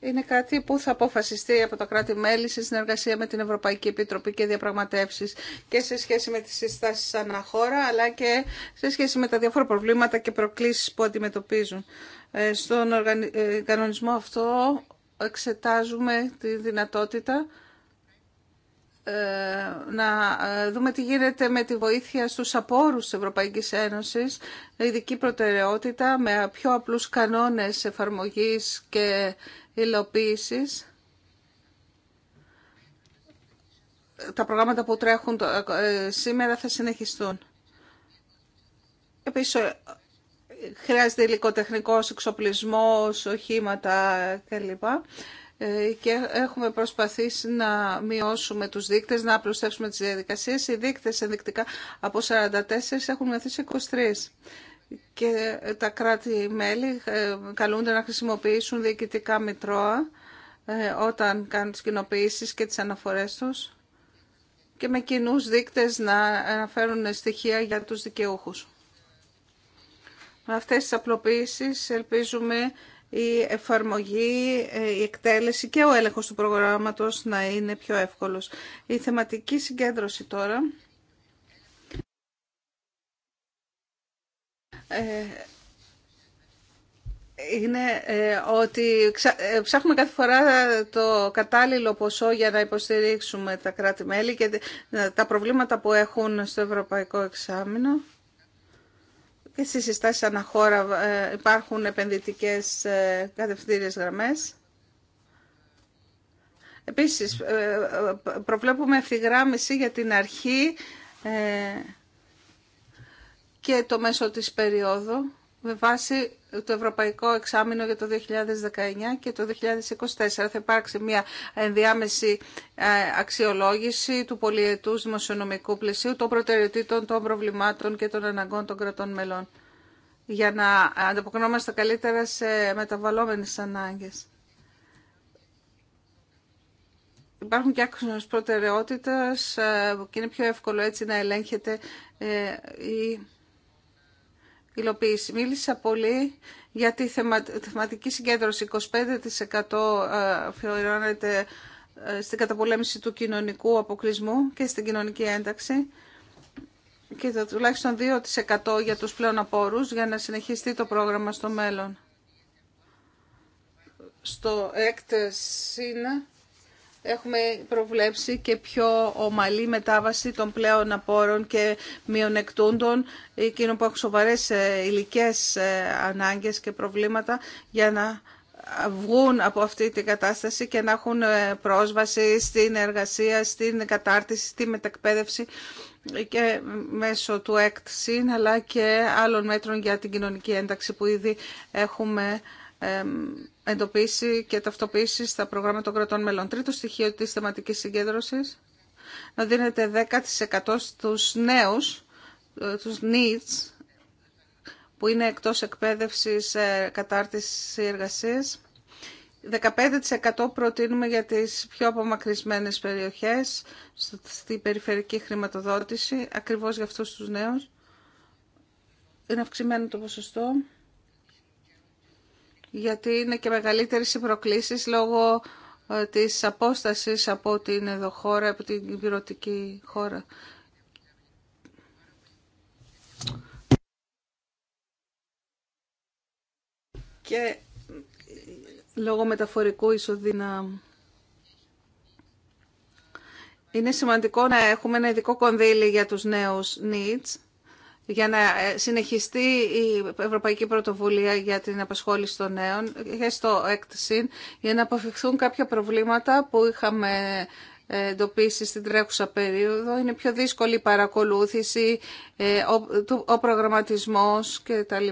είναι κάτι που θα αποφασιστεί από τα κράτη-μέλη σε συνεργασία με την Ευρωπαϊκή Επιτροπή και διαπραγματεύσεις και σε σχέση με τις συστάσεις αναχώρα αλλά και σε σχέση με τα διάφορα προβλήματα και προκλήσεις που αντιμετωπίζουν. Ε, στον ε, κανονισμό αυτό εξετάζουμε τη δυνατότητα ε, να ε, δούμε τι γίνεται με τη βοήθεια στους απόρους της Ευρωπαϊκής Ένωσης, ειδική προτεραιότητα με πιο απλούς κανόνες εφαρμογής και υλοποίησης. Τα προγράμματα που τρέχουν ε, σήμερα θα συνεχιστούν. Επίσης, χρειάζεται υλικοτεχνικός εξοπλισμός, οχήματα κλπ. Ε, και έχουμε προσπαθήσει να μειώσουμε τους δείκτες, να απλουστεύσουμε τις διαδικασίες. Οι δείκτες ενδεικτικά από 44 έχουν μειωθεί σε 23 και τα κράτη-μέλη ε, καλούνται να χρησιμοποιήσουν διοικητικά μητρώα ε, όταν κάνουν τις κοινοποιήσεις και τις αναφορές τους και με κοινού δείκτες να αναφέρουν στοιχεία για τους δικαιούχους. Με αυτές τις απλοποίησεις ελπίζουμε η εφαρμογή, ε, η εκτέλεση και ο έλεγχος του προγράμματος να είναι πιο εύκολος. Η θεματική συγκέντρωση τώρα ε, είναι ε, ότι ψάχνουμε κάθε φορά το κατάλληλο ποσό για να υποστηρίξουμε τα κράτη-μέλη και τα προβλήματα που έχουν στο Ευρωπαϊκό Εξάμεινο και στις συστάσεις αναχώρα ε, υπάρχουν επενδυτικές ε, κατευθύνες γραμμές. Επίσης, ε, προβλέπουμε ευθυγράμμιση για την αρχή και το μέσο της περίοδου με βάση το Ευρωπαϊκό Εξάμεινο για το 2019 και το 2024. Θα υπάρξει μια ενδιάμεση ε, αξιολόγηση του πολιετούς δημοσιονομικού πλαισίου, των προτεραιοτήτων, των προβλημάτων και των αναγκών των κρατών μελών για να ανταποκρινόμαστε καλύτερα σε μεταβαλλόμενες ανάγκες. Υπάρχουν και άξονες προτεραιότητας ε, και είναι πιο εύκολο έτσι να ελέγχεται ε, η υλοποίηση. Μίλησα πολύ για τη θεματική συγκέντρωση. 25% ε, αφιερώνεται ε, στην καταπολέμηση του κοινωνικού αποκλεισμού και στην κοινωνική ένταξη και το τουλάχιστον 2% για τους πλέον απόρους για να συνεχιστεί το πρόγραμμα στο μέλλον. Στο έκτες είναι έχουμε προβλέψει και πιο ομαλή μετάβαση των πλέον απόρων και μειονεκτούντων, εκείνων που έχουν σοβαρέ ε, υλικέ ε, ανάγκες και προβλήματα, για να βγουν από αυτή την κατάσταση και να έχουν ε, πρόσβαση στην εργασία, στην κατάρτιση, στη μετακπαίδευση και μέσω του ΕΚΤΣΙΝ αλλά και άλλων μέτρων για την κοινωνική ένταξη που ήδη έχουμε εντοπίσει και ταυτοποιήσει στα προγράμματα των κρατών μελών. Τρίτο στοιχείο της θεματικής συγκέντρωσης, να δίνεται 10% στους νέους, ε, τους needs, που είναι εκτός εκπαίδευσης, ε, κατάρτισης εργασίας. 15% προτείνουμε για τις πιο απομακρυσμένες περιοχές, στη περιφερική χρηματοδότηση, ακριβώς για αυτούς τους νέους. Είναι αυξημένο το ποσοστό γιατί είναι και μεγαλύτερες οι προκλήσεις λόγω ε, της απόστασης από την εδώ χώρα, από την υπηρετική χώρα. Και ε, λόγω μεταφορικού ισοδύναμου. Είναι σημαντικό να έχουμε ένα ειδικό κονδύλι για τους νέους needs για να ε, συνεχιστεί η Ευρωπαϊκή Πρωτοβουλία για την απασχόληση των νέων και στο ΕΚΤΣΙΝ για να αποφευχθούν κάποια προβλήματα που είχαμε ε, εντοπίσει στην τρέχουσα περίοδο. Είναι πιο δύσκολη η παρακολούθηση, ε, ο προγραμματισμός κτλ.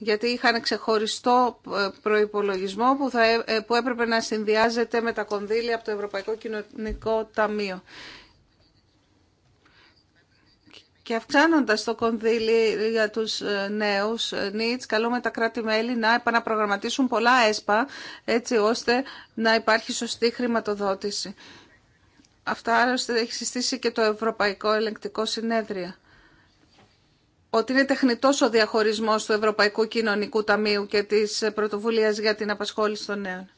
Γιατί είχαν ξεχωριστό προϋπολογισμό που έπρεπε να συνδυάζεται με τα κονδύλια από το Ευρωπαϊκό Κοινωνικό Ταμείο. Και αυξάνοντα το κονδύλι για τους ε, νέους νίτς, ε, καλούμε τα κράτη-μέλη να επαναπρογραμματίσουν πολλά ΕΣΠΑ, έτσι ώστε να υπάρχει σωστή χρηματοδότηση. Αυτά άλλωστε έχει συστήσει και το Ευρωπαϊκό Ελεγκτικό Συνέδριο. Ότι είναι τεχνητό ο διαχωρισμός του Ευρωπαϊκού Κοινωνικού Ταμείου και της πρωτοβουλία για την Απασχόληση των Νέων.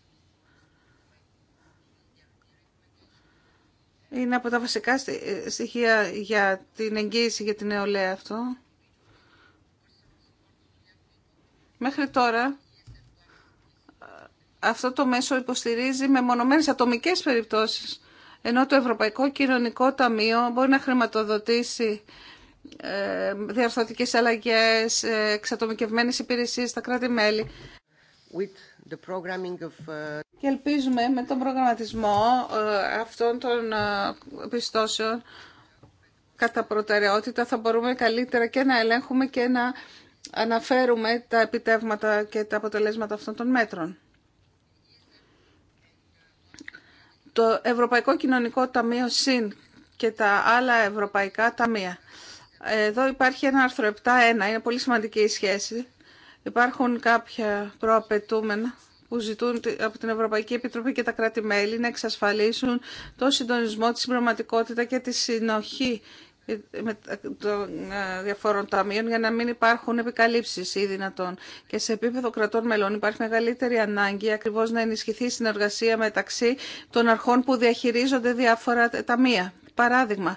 Είναι από τα βασικά στοιχεία για την εγγύηση για την νεολαία αυτό. Μέχρι τώρα αυτό το μέσο υποστηρίζει με μονομένες ατομικές περιπτώσεις, ενώ το Ευρωπαϊκό Κοινωνικό Ταμείο μπορεί να χρηματοδοτήσει ε, διαρθρωτικές αλλαγές, ε, εξατομικευμένες υπηρεσίες στα κράτη-μέλη. With Uh, και ελπίζουμε με τον προγραμματισμό ε, αυτών των ε, πιστώσεων κατά προτεραιότητα θα μπορούμε καλύτερα και να ελέγχουμε και να αναφέρουμε τα επιτεύγματα και τα αποτελέσματα αυτών των μέτρων. Το Ευρωπαϊκό Κοινωνικό Ταμείο ΣΥΝ και τα άλλα ευρωπαϊκά ταμεία. Εδώ υπάρχει ένα άρθρο 7.1, είναι πολύ σημαντική η σχέση Υπάρχουν κάποια προαπαιτούμενα που ζητούν από την Ευρωπαϊκή Επιτροπή και τα κράτη-μέλη να εξασφαλίσουν το συντονισμό, τη συμπληρωματικότητα και τη συνοχή των ε, διαφόρων ταμείων για να μην υπάρχουν επικαλύψεις ή δυνατόν. Και σε επίπεδο κρατών μελών υπάρχει μεγαλύτερη ανάγκη ακριβώς να ενισχυθεί η συνεργασία μεταξύ των αρχών που διαχειρίζονται διάφορα ταμεία. Παράδειγμα,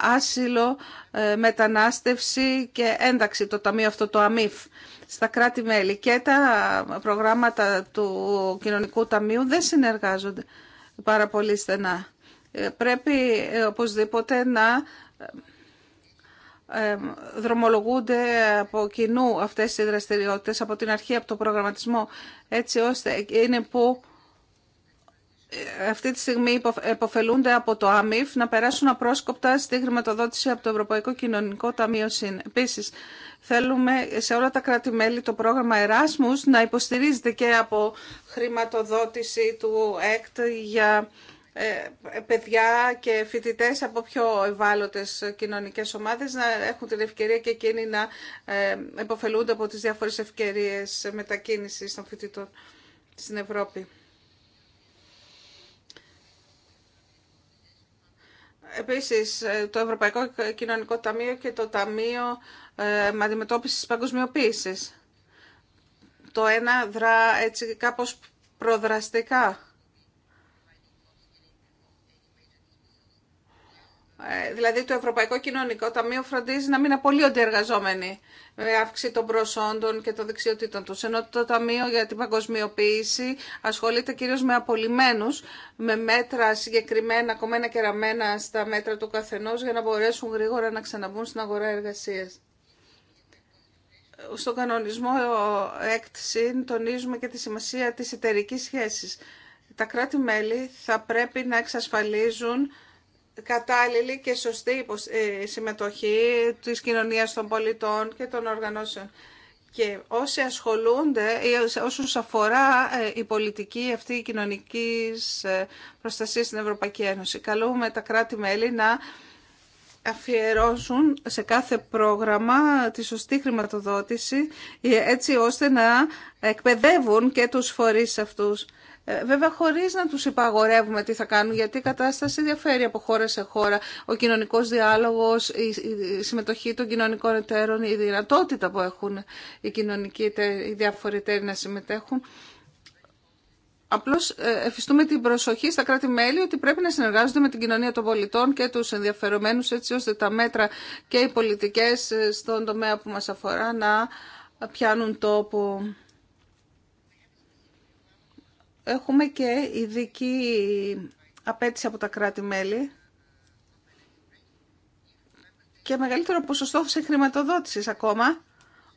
άσυλο, ε, μετανάστευση και ένταξη, το ταμείο αυτό το ΑΜΙΦ στα κράτη-μέλη και τα προγράμματα του Κοινωνικού Ταμείου δεν συνεργάζονται πάρα πολύ στενά. Ε, πρέπει ε, οπωσδήποτε να ε, δρομολογούνται από κοινού αυτές οι δραστηριότητες από την αρχή, από το προγραμματισμό, έτσι ώστε είναι που αυτή τη στιγμή υποφελούνται από το ΑΜΙΦ να περάσουν απρόσκοπτα στη χρηματοδότηση από το Ευρωπαϊκό Κοινωνικό Ταμείο ΣΥΝ. Επίσης, Θέλουμε σε όλα τα κράτη-μέλη το πρόγραμμα Εράσμους να υποστηρίζεται και από χρηματοδότηση του ΕΚΤ για ε, παιδιά και φοιτητές από πιο ευάλωτες κοινωνικές ομάδες να έχουν την ευκαιρία και εκείνοι να ε, επωφελούνται από τις διάφορες ευκαιρίες μετακίνησης των φοιτητών στην Ευρώπη. Επίσης, ε, το Ευρωπαϊκό Κοινωνικό Ταμείο και το Ταμείο ε, Αντιμετώπισης Παγκοσμιοποίησης. Το ένα δρά έτσι κάπως προδραστικά Ε, δηλαδή το Ευρωπαϊκό Κοινωνικό Ταμείο φροντίζει να μην απολύονται οι εργαζόμενοι με αύξηση των προσόντων και των δεξιοτήτων του. Ενώ το Ταμείο για την Παγκοσμιοποίηση ασχολείται κυρίως με απολυμμένους, με μέτρα συγκεκριμένα, κομμένα και ραμμένα στα μέτρα του καθενός για να μπορέσουν γρήγορα να ξαναμπούν στην αγορά εργασίας. Στον κανονισμό έκτηση τονίζουμε και τη σημασία της εταιρική σχέσης. Τα κράτη-μέλη θα πρέπει να εξασφαλίζουν κατάλληλη και σωστή ε, συμμετοχή της κοινωνίας των πολιτών και των οργανώσεων. Και όσοι ασχολούνται ή όσους αφορά ε, η πολιτική αυτή η κοινωνική ε, προστασία στην Ευρωπαϊκή Ένωση. Καλούμε τα κράτη-μέλη να αφιερώσουν σε κάθε πρόγραμμα τη σωστή χρηματοδότηση έτσι ώστε να εκπαιδεύουν και τους φορείς αυτούς ε, βέβαια χωρίς να τους υπαγορεύουμε τι θα κάνουν, γιατί η κατάσταση διαφέρει από χώρα σε χώρα. Ο κοινωνικός διάλογος, η συμμετοχή των κοινωνικών εταίρων, η δυνατότητα που έχουν οι κοινωνικοί οι διάφοροι να συμμετέχουν. Απλώς ε, εφιστούμε την προσοχή στα κράτη-μέλη ότι πρέπει να συνεργάζονται με την κοινωνία των πολιτών και τους ενδιαφερομένους έτσι ώστε τα μέτρα και οι πολιτικές ε, στον τομέα που μας αφορά να πιάνουν τόπο. Έχουμε και ειδική απέτηση από τα κράτη-μέλη και μεγαλύτερο ποσοστό σε χρηματοδότησης ακόμα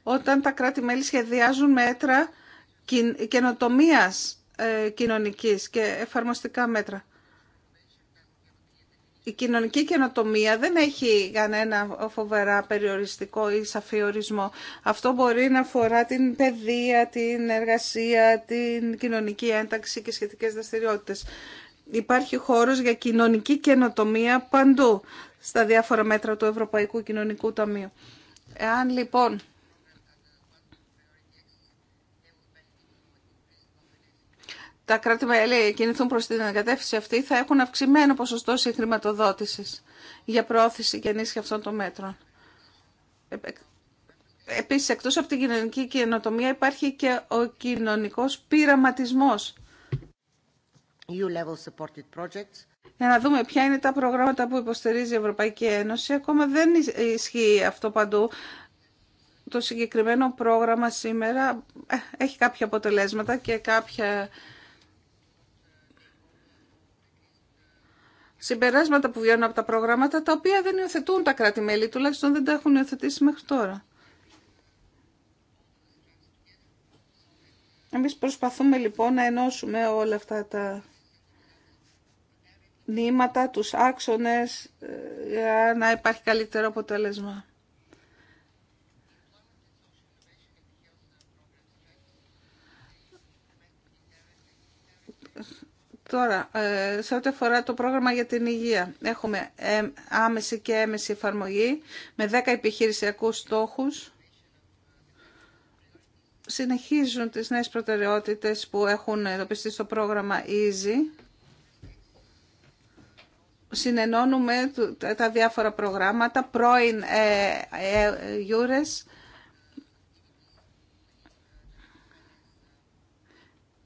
όταν τα κράτη-μέλη σχεδιάζουν μέτρα καινοτομίας ε, κοινωνικής και εφαρμοστικά μέτρα η κοινωνική καινοτομία δεν έχει κανένα φοβερά περιοριστικό ή σαφή ορισμό. Αυτό μπορεί να αφορά την παιδεία, την εργασία, την κοινωνική ένταξη και σχετικές δραστηριότητες. Υπάρχει χώρος για κοινωνική καινοτομία παντού στα διάφορα μέτρα του Ευρωπαϊκού Κοινωνικού Ταμείου. Εάν λοιπόν τα κράτη-μέλη κινηθούν προς την ανακατεύθυνση αυτή, θα έχουν αυξημένο ποσοστό συγχρηματοδότηση για προώθηση και ενίσχυση αυτών των μέτρων. Ε, ε, Επίση, εκτό από την κοινωνική καινοτομία υπάρχει και ο κοινωνικό πειραματισμό. Για να δούμε ποια είναι τα προγράμματα που υποστηρίζει η Ευρωπαϊκή Ένωση. Ακόμα δεν ισχύει αυτό παντού. Το συγκεκριμένο πρόγραμμα σήμερα ε, έχει κάποια αποτελέσματα και κάποια συμπεράσματα που βγαίνουν από τα προγράμματα, τα οποία δεν υιοθετούν τα κράτη-μέλη, τουλάχιστον δεν τα έχουν υιοθετήσει μέχρι τώρα. Εμείς προσπαθούμε λοιπόν να ενώσουμε όλα αυτά τα νήματα, τους άξονες, ε, για να υπάρχει καλύτερο αποτέλεσμα. Τώρα, ε, σε ό,τι αφορά το πρόγραμμα για την υγεία, έχουμε ε, άμεση και έμεση εφαρμογή με 10 επιχειρησιακούς στόχους. Συνεχίζουν τις νέες προτεραιότητες που έχουν εντοπιστεί στο πρόγραμμα EASY. Συνενώνουμε τα διάφορα προγράμματα, πρώην ε, ε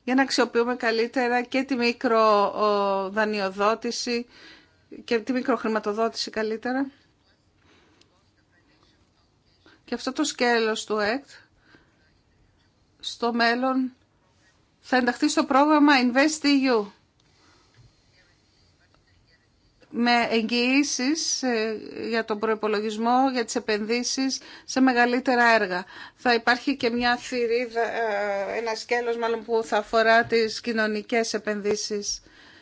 για να αξιοποιούμε καλύτερα και τη μικροδανειοδότηση και τη μικροχρηματοδότηση καλύτερα. Και αυτό το σκέλος του ΕΚΤ στο μέλλον θα ενταχθεί στο πρόγραμμα InvestEU με εγγυήσει ε, για τον προπολογισμό, για τις επενδύσεις σε μεγαλύτερα έργα. Θα υπάρχει και μια θηρίδα, ε, ένα σκέλος μάλλον που θα αφορά τις κοινωνικές επενδύσεις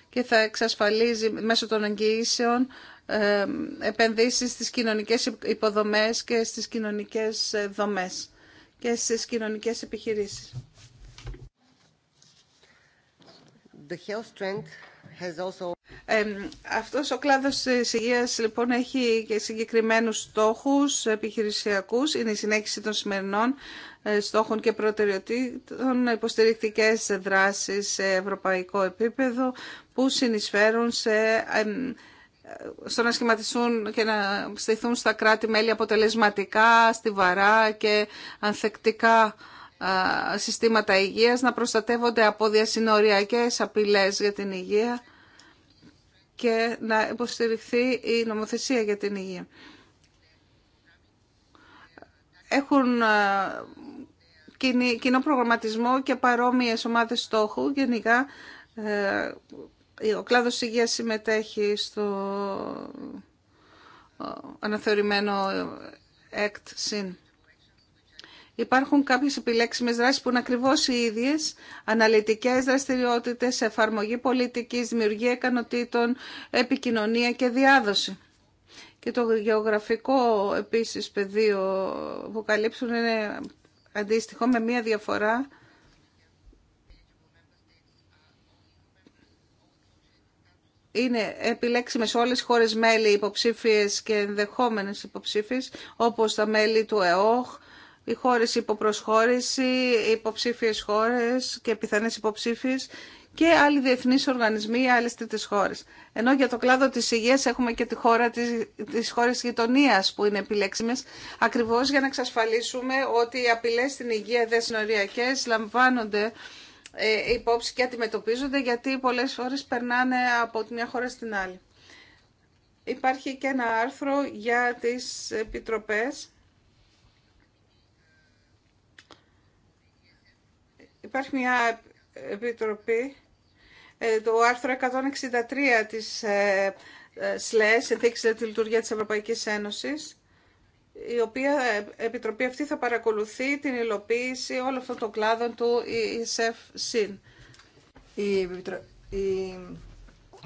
και θα εξασφαλίζει μέσω των εγγυήσεων ε, επενδύσεις στις κοινωνικές υποδομές και στις κοινωνικές δομές και στις κοινωνικές επιχειρήσεις. The health αυτός ο κλάδος της υγείας λοιπόν έχει και συγκεκριμένους στόχους επιχειρησιακούς. Είναι η συνέχιση των σημερινών ε, στόχων και προτεραιοτήτων, υποστηρικτικές δράσεις σε ευρωπαϊκό επίπεδο που συνεισφέρουν στο να σχηματιστούν και να στηθούν στα κράτη-μέλη αποτελεσματικά, στιβαρά και ανθεκτικά συστήματα υγείας να προστατεύονται από διασυνοριακές απειλές για την υγεία και να υποστηριχθεί η νομοθεσία για την υγεία. Έχουν κοινό προγραμματισμό και παρόμοιες ομάδες στόχου. Γενικά, ε, ο κλάδος υγείας συμμετέχει στο ε, αναθεωρημένο ΕΚΤ-ΣΥΝ. Υπάρχουν κάποιε επιλέξιμες δράσεις που είναι ακριβώ οι ίδιες, αναλυτικές δραστηριότητε, εφαρμογή πολιτικής, δημιουργία ικανοτήτων, επικοινωνία και διάδοση. Και το γεωγραφικό επίση πεδίο που καλύψουν είναι αντίστοιχο με μία διαφορά. είναι επιλέξιμες όλες οι χώρες μέλη υποψήφιες και ενδεχομένε υποψήφίε, όπως τα μέλη του ΕΟΧ, οι χώρες υποπροσχώρηση, υποψήφιες χώρες και πιθανές υποψήφιες και άλλοι διεθνείς οργανισμοί, άλλες τρίτες χώρες. Ενώ για το κλάδο της υγείας έχουμε και τη χώρα της, χώρες που είναι επιλέξιμες, ακριβώς για να εξασφαλίσουμε ότι οι απειλές στην υγεία δεν συνοριακές λαμβάνονται ε, υπόψη και αντιμετωπίζονται γιατί πολλές φορές περνάνε από τη μια χώρα στην άλλη. Υπάρχει και ένα άρθρο για τις επιτροπές Υπάρχει μια επιτροπή ε, το άρθρο 163 της ε, ε, ΣΛΕ, Συνθήκης για τη Λειτουργία της Ευρωπαϊκής Ένωσης, η οποία επιτροπή αυτή θα παρακολουθεί την υλοποίηση όλων αυτών των κλάδων του ΙΣΕΦ-ΣΥΝ. Η, η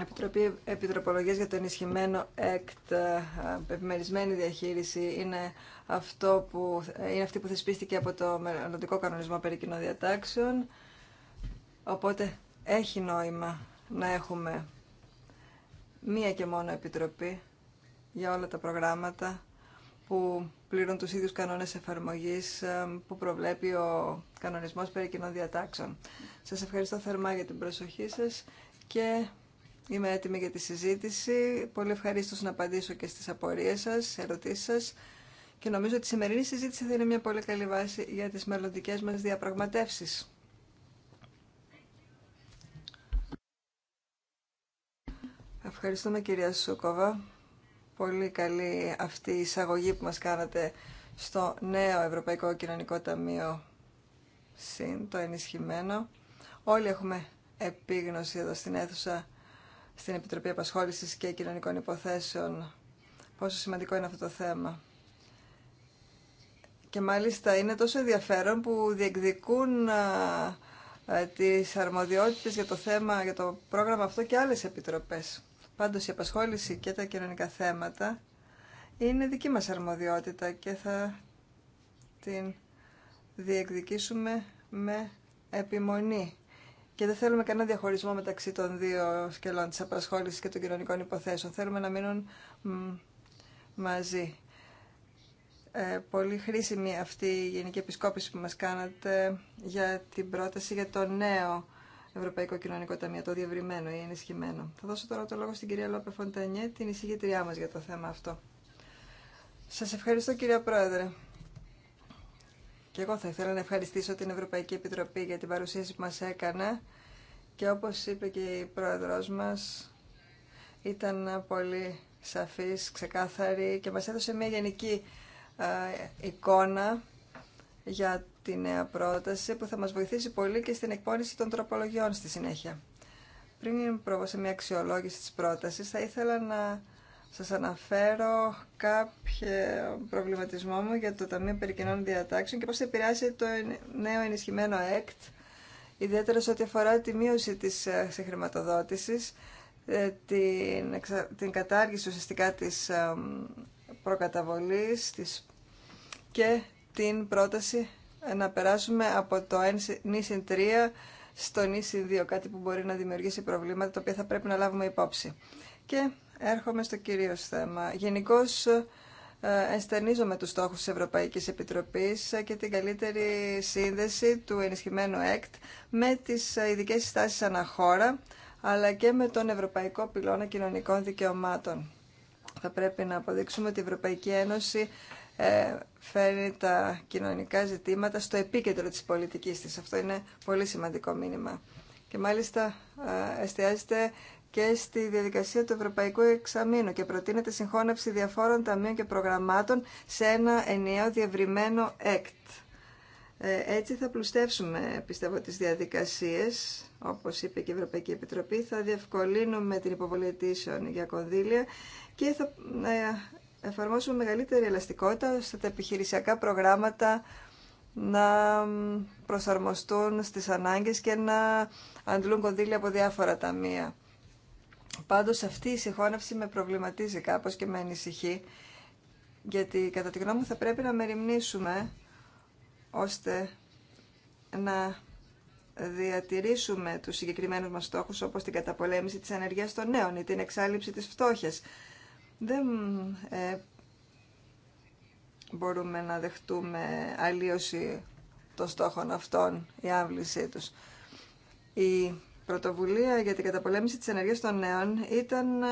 Επιτροπή Επιτροπολογίας για το ενισχυμένο ΕΚΤ, επιμερισμένη διαχείριση, είναι αυτό που είναι αυτή που θεσπίστηκε από το μελλοντικό κανονισμό περί κοινοδιατάξεων. Οπότε έχει νόημα να έχουμε μία και μόνο επιτροπή για όλα τα προγράμματα που πληρούν τους ίδιους κανόνες εφαρμογής ε, που προβλέπει ο κανονισμός περί κοινών Σας ευχαριστώ θερμά για την προσοχή σας και είμαι έτοιμη για τη συζήτηση. Πολύ ευχαρίστω να απαντήσω και στις απορίες σας, ερωτήσεις σας. Και νομίζω ότι η σημερινή συζήτηση θα είναι μια πολύ καλή βάση για τις μελλοντικέ μας διαπραγματεύσεις. Ευχαριστούμε κυρία Σούκοβα. Πολύ καλή αυτή η εισαγωγή που μας κάνατε στο νέο Ευρωπαϊκό Κοινωνικό Ταμείο ΣΥΝ, το ενισχυμένο. Όλοι έχουμε επίγνωση εδώ στην αίθουσα, στην Επιτροπή Απασχόλησης και Κοινωνικών Υποθέσεων, πόσο σημαντικό είναι αυτό το θέμα. Και μάλιστα είναι τόσο ενδιαφέρον που διεκδικούν τις αρμοδιότητες για το θέμα, για το πρόγραμμα αυτό και άλλες επιτροπές. Πάντως η απασχόληση και τα κοινωνικά θέματα είναι δική μας αρμοδιότητα και θα την διεκδικήσουμε με επιμονή. Και δεν θέλουμε κανένα διαχωρισμό μεταξύ των δύο σκελών της απασχόλησης και των κοινωνικών υποθέσεων. Θέλουμε να μείνουν μαζί. Ε, πολύ χρήσιμη αυτή η γενική επισκόπηση που μας κάνατε για την πρόταση για το νέο Ευρωπαϊκό Κοινωνικό Ταμείο, το διευρυμένο ή ενισχυμένο. Θα δώσω τώρα το λόγο στην κυρία Λόπε Φοντανιέ, την εισηγήτριά μας για το θέμα αυτό. Σας ευχαριστώ κυρία Πρόεδρε. Και εγώ θα ήθελα να ευχαριστήσω την Ευρωπαϊκή Επιτροπή για την παρουσίαση που μας έκανε και όπως είπε και η Πρόεδρος μας, ήταν πολύ σαφής, ξεκάθαρη και μας έδωσε μια γενική ε, εικόνα για τη νέα πρόταση που θα μας βοηθήσει πολύ και στην εκπόνηση των τροπολογιών στη συνέχεια. Πριν προβώ σε μια αξιολόγηση της πρότασης, θα ήθελα να σας αναφέρω κάποιο προβληματισμό μου για το Ταμείο Περικοινών Διατάξεων και πώς θα επηρεάσει το νέο ενισχυμένο ΕΚΤ, ιδιαίτερα σε ό,τι αφορά τη μείωση της ε, χρηματοδότησης, ε, την, την κατάργηση ουσιαστικά της προκαταβολής της και την πρόταση να περάσουμε από το νησιν 3 στο νησιν 2, κάτι που μπορεί να δημιουργήσει προβλήματα τα οποία θα πρέπει να λάβουμε υπόψη. Και έρχομαι στο κυρίω θέμα. Γενικώ ε, ενστερνίζομαι τους στόχους της Ευρωπαϊκής Επιτροπής και την καλύτερη σύνδεση του ενισχυμένου ΕΚΤ με τις ειδικές συστάσεις αναχώρα, αλλά και με τον Ευρωπαϊκό Πυλώνα Κοινωνικών Δικαιωμάτων. Θα πρέπει να αποδείξουμε ότι η Ευρωπαϊκή Ένωση ε, φέρνει τα κοινωνικά ζητήματα στο επίκεντρο της πολιτικής της. Αυτό είναι πολύ σημαντικό μήνυμα. Και μάλιστα ε, εστιάζεται και στη διαδικασία του Ευρωπαϊκού Εξαμήνου και προτείνεται συγχώνευση διαφόρων ταμείων και προγραμμάτων σε ένα ενιαίο διευρυμένο ΕΚΤ. Ε, έτσι θα πλουστεύσουμε, πιστεύω, τις διαδικασίες, όπως είπε και η Ευρωπαϊκή Επιτροπή, θα διευκολύνουμε την υποβολή αιτήσεων για κονδύλια και θα ε, εφαρμόσουμε μεγαλύτερη ελαστικότητα ώστε τα επιχειρησιακά προγράμματα να προσαρμοστούν στις ανάγκες και να αντλούν κονδύλια από διάφορα ταμεία. Πάντως αυτή η συγχώνευση με προβληματίζει κάπως και με ανησυχεί, γιατί κατά τη γνώμη μου θα πρέπει να μεριμνήσουμε ώστε να διατηρήσουμε τους συγκεκριμένους μας στόχους όπως την καταπολέμηση της ανεργίας των νέων ή την εξάλληψη της φτώχειας. Δεν ε, μπορούμε να δεχτούμε αλλίωση των στόχων αυτών, η άμβλησή τους. Η πρωτοβουλία για την καταπολέμηση της ανεργίας των νέων ήταν ε,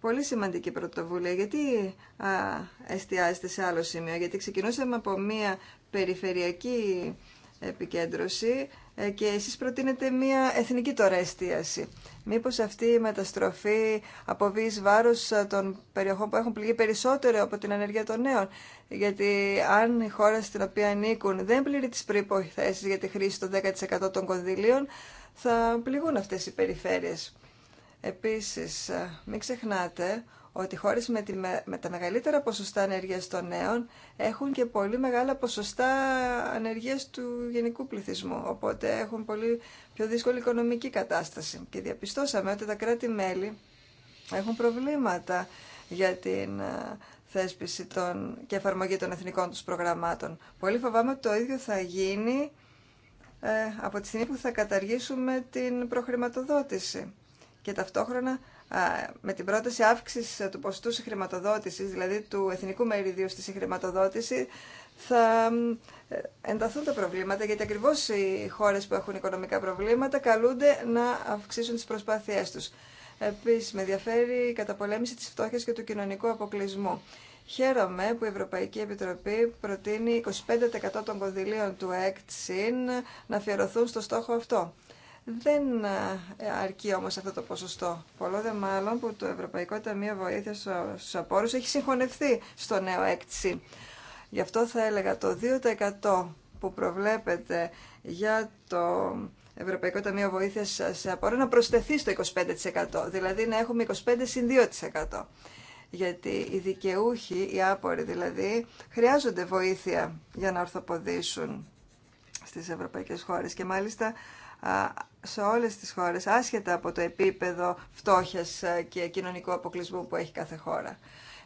πολύ σημαντική πρωτοβουλία. Γιατί α, εστιάζεται σε άλλο σημείο, γιατί ξεκινούσαμε από μία περιφερειακή επικέντρωση ε, και εσείς προτείνετε μια εθνική τώρα εστίαση. Μήπως αυτή η μεταστροφή αποβεί βάρος ε, των περιοχών που έχουν πληγεί περισσότερο από την ανεργία των νέων. Γιατί αν η χώρα στην οποία ανήκουν δεν πληρεί τις προϋποθέσεις για τη χρήση των 10% των κονδυλίων, θα πληγούν αυτές οι περιφέρειες. Επίσης, ε, μην ξεχνάτε ότι χώρες με, τη, με τα μεγαλύτερα ποσοστά ανεργίας των νέων έχουν και πολύ μεγάλα ποσοστά ανεργίας του γενικού πληθυσμού, οπότε έχουν πολύ πιο δύσκολη οικονομική κατάσταση. Και διαπιστώσαμε ότι τα κράτη-μέλη έχουν προβλήματα για την ε, θέσπιση των, και εφαρμογή των εθνικών τους προγραμμάτων. Πολύ φοβάμαι ότι το ίδιο θα γίνει ε, από τη στιγμή που θα καταργήσουμε την προχρηματοδότηση και ταυτόχρονα με την πρόταση αύξηση ε, του ποστού συγχρηματοδότηση, δηλαδή του εθνικού μεριδίου στη συγχρηματοδότηση, θα ε, ενταθούν τα προβλήματα, γιατί ακριβώ οι χώρε που έχουν οικονομικά προβλήματα καλούνται να αυξήσουν τι προσπάθειέ του. Επίση, με ενδιαφέρει η καταπολέμηση τη φτώχεια και του κοινωνικού αποκλεισμού. Χαίρομαι που η Ευρωπαϊκή Επιτροπή προτείνει 25% των κονδυλίων του ΕΚΤΣΙΝ να αφιερωθούν στο στόχο αυτό. Δεν αρκεί όμως αυτό το ποσοστό. Πολλό δε μάλλον που το Ευρωπαϊκό Ταμείο Βοήθειας στους Απόρους έχει συγχωνευτεί στο νέο έκτηση. Γι' αυτό θα έλεγα το 2% που προβλέπεται για το Ευρωπαϊκό Ταμείο Βοήθειας σε Απόρους να προσθεθεί στο 25%, δηλαδή να έχουμε 25 συν 2%. Γιατί οι δικαιούχοι, οι άποροι δηλαδή, χρειάζονται βοήθεια για να ορθοποδήσουν στις ευρωπαϊκές χώρες και μάλιστα σε όλες τις χώρες, άσχετα από το επίπεδο φτώχειας ε, και κοινωνικού αποκλεισμού που έχει κάθε χώρα.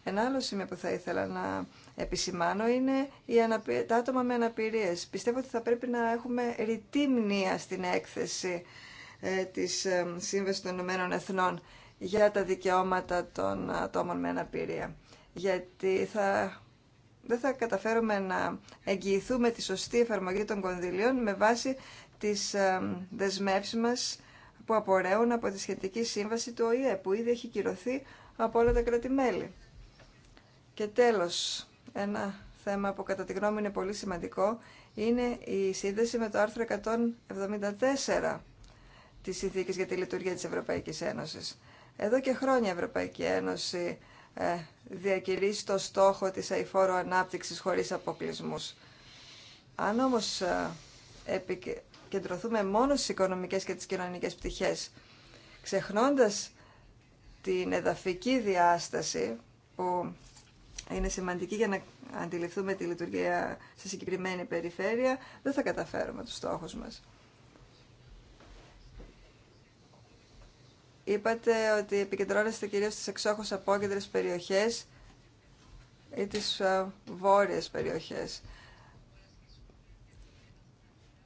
Ένα άλλο σημείο που θα ήθελα να επισημάνω είναι η τα άτομα με αναπηρίες. Πιστεύω ότι θα πρέπει να έχουμε ρητή μνήα στην έκθεση ε, της ε, των Ηνωμένων Εθνών για τα δικαιώματα των ατόμων με αναπηρία. Γιατί θα... δεν θα καταφέρουμε να εγγυηθούμε τη σωστή εφαρμογή των κονδυλίων με βάση τις δεσμεύσεις μας που απορρέουν από τη σχετική σύμβαση του ΟΗΕ, που ήδη έχει κυρωθεί από όλα τα κράτη-μέλη. Και τέλος, ένα θέμα που κατά τη γνώμη είναι πολύ σημαντικό, είναι η σύνδεση με το άρθρο 174 της Συνθήκης για τη Λειτουργία της Ευρωπαϊκής Ένωσης. Εδώ και χρόνια η Ευρωπαϊκή Ένωση ε, το στόχο της αηφόρου ανάπτυξης χωρίς αποκλεισμούς. Αν όμως ε, επικεντρωθούμε μόνο στις οικονομικές και τις κοινωνικές πτυχές, ξεχνώντας την εδαφική διάσταση που είναι σημαντική για να αντιληφθούμε τη λειτουργία σε συγκεκριμένη περιφέρεια, δεν θα καταφέρουμε τους στόχους μας. Είπατε ότι επικεντρώνεστε κυρίως στις εξόχως απόκεντρες περιοχές ή τις ε, βόρειες περιοχές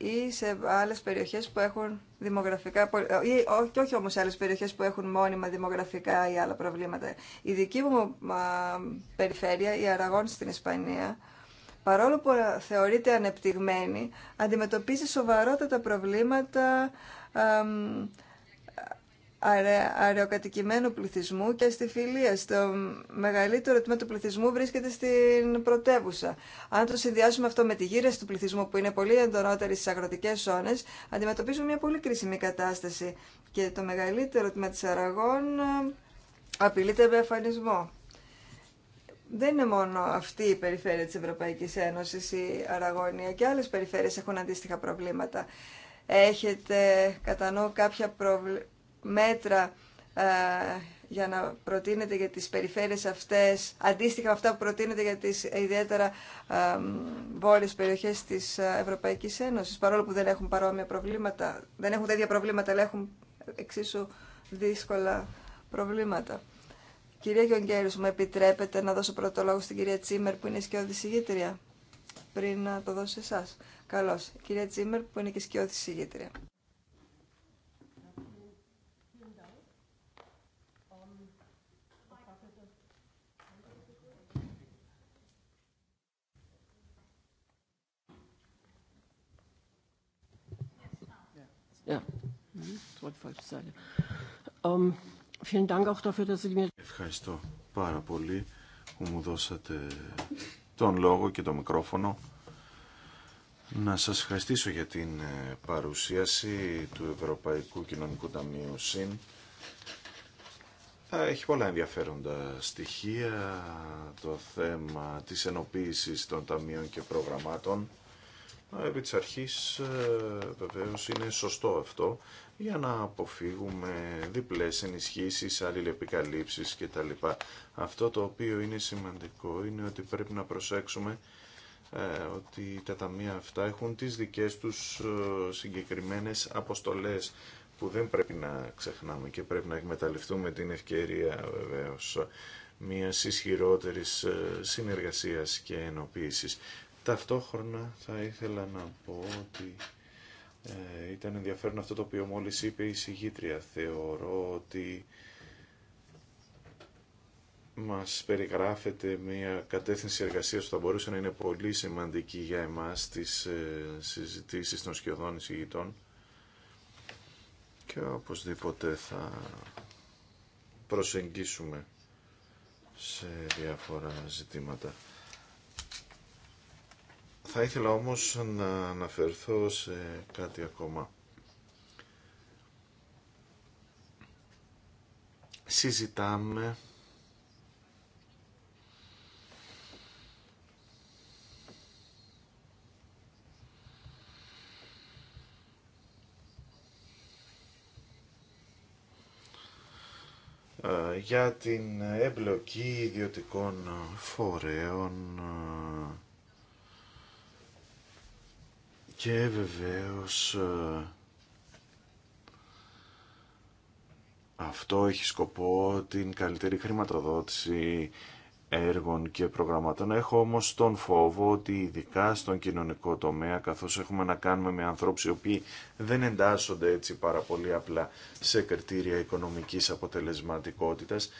ή σε άλλες περιοχές που έχουν δημογραφικά, ε, ή, όχι, όχι όμως σε άλλες περιοχές που έχουν μόνιμα δημογραφικά ή άλλα προβλήματα. Η δική μου περιφέρεια, η Αραγών στην Ισπανία, παρόλο που θεωρείται ανεπτυγμένη, αντιμετωπίζει σοβαρότατα προβλήματα αεροκατοικημένου πληθυσμού και στη φιλία. Στο μεγαλύτερο τμήμα του πληθυσμού βρίσκεται στην πρωτεύουσα. Αν το συνδυάσουμε αυτό με τη γύρεση του πληθυσμού που είναι πολύ εντονότερη στι αγροτικές ζώνες, αντιμετωπίζουμε μια πολύ κρίσιμη κατάσταση και το μεγαλύτερο τμήμα τη Αραγών ε, απειλείται με εμφανισμό. Δεν είναι μόνο αυτή η περιφέρεια της Ευρωπαϊκής Ένωσης η Αραγώνια και άλλες περιφέρειες έχουν αντίστοιχα προβλήματα. Έχετε κατά νου κάποια προβλήματα μέτρα ε, για να προτείνεται για τις περιφέρειες αυτές, αντίστοιχα με αυτά που προτείνεται για τις ιδιαίτερα ε, βόρειες περιοχές της ε, Ευρωπαϊκής Ένωσης, παρόλο που δεν έχουν παρόμοια προβλήματα, δεν έχουν τέτοια προβλήματα, αλλά έχουν εξίσου δύσκολα προβλήματα. Κυρία Γιονγκέρης, μου επιτρέπετε να δώσω πρώτο λόγο στην κυρία Τσίμερ που είναι σκιώδη συγγήτρια, πριν να το δώσω εσάς. Καλώς. Κυρία Τσίμερ που είναι και σκιώδη συγγήτρια. Ευχαριστώ πάρα πολύ που μου δώσατε τον λόγο και το μικρόφωνο. Να σας ευχαριστήσω για την ε, παρουσίαση του Ευρωπαϊκού Κοινωνικού Ταμείου ΣΥΝ. Ε, έχει πολλά ενδιαφέροντα στοιχεία το θέμα της ενοποίησης των ταμείων και προγραμμάτων Επί της αρχής ε, βεβαίως είναι σωστό αυτό για να αποφύγουμε διπλές ενισχύσεις, αλληλεπικαλύψεις κτλ. Αυτό το οποίο είναι σημαντικό είναι ότι πρέπει να προσέξουμε ε, ότι τα ταμεία αυτά έχουν τις δικές τους ε, συγκεκριμένες αποστολές που δεν πρέπει να ξεχνάμε και πρέπει να εκμεταλλευτούμε την ευκαιρία βεβαίως μιας ισχυρότερης συνεργασίας και ενοποίησης. Ταυτόχρονα θα ήθελα να πω ότι ε, ήταν ενδιαφέρον αυτό το οποίο μόλις είπε η συγγήτρια. Θεωρώ ότι μας περιγράφεται μια κατεύθυνση εργασίας που θα μπορούσε να είναι πολύ σημαντική για εμάς στις ε, συζητήσεις των σχεδόν εισηγητών και οπωσδήποτε θα προσεγγίσουμε σε διάφορα ζητήματα. Θα ήθελα όμως να αναφερθώ σε κάτι ακόμα. Συζητάμε για την εμπλοκή ιδιωτικών φορέων και βεβαίως ε, αυτό έχει σκοπό την καλύτερη χρηματοδότηση έργων και προγραμμάτων. Έχω όμως τον φόβο ότι ειδικά στον κοινωνικό τομέα, καθώς έχουμε να κάνουμε με ανθρώπους οι οποίοι δεν εντάσσονται έτσι πάρα πολύ απλά σε κριτήρια οικονομικής αποτελεσματικότητας,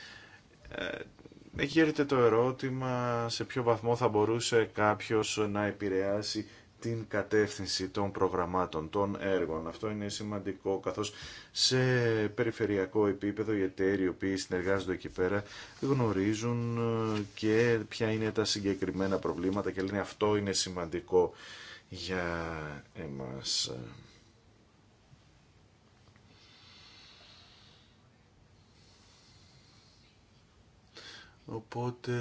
ε, γέρεται το ερώτημα σε ποιο βαθμό θα μπορούσε κάποιος να επηρεάσει την κατεύθυνση των προγραμμάτων, των έργων. Αυτό είναι σημαντικό, καθώς σε περιφερειακό επίπεδο οι εταίροι οι οποίοι συνεργάζονται εκεί πέρα γνωρίζουν ε, και ποια είναι τα συγκεκριμένα προβλήματα και λένε αυτό είναι σημαντικό για εμάς. Οπότε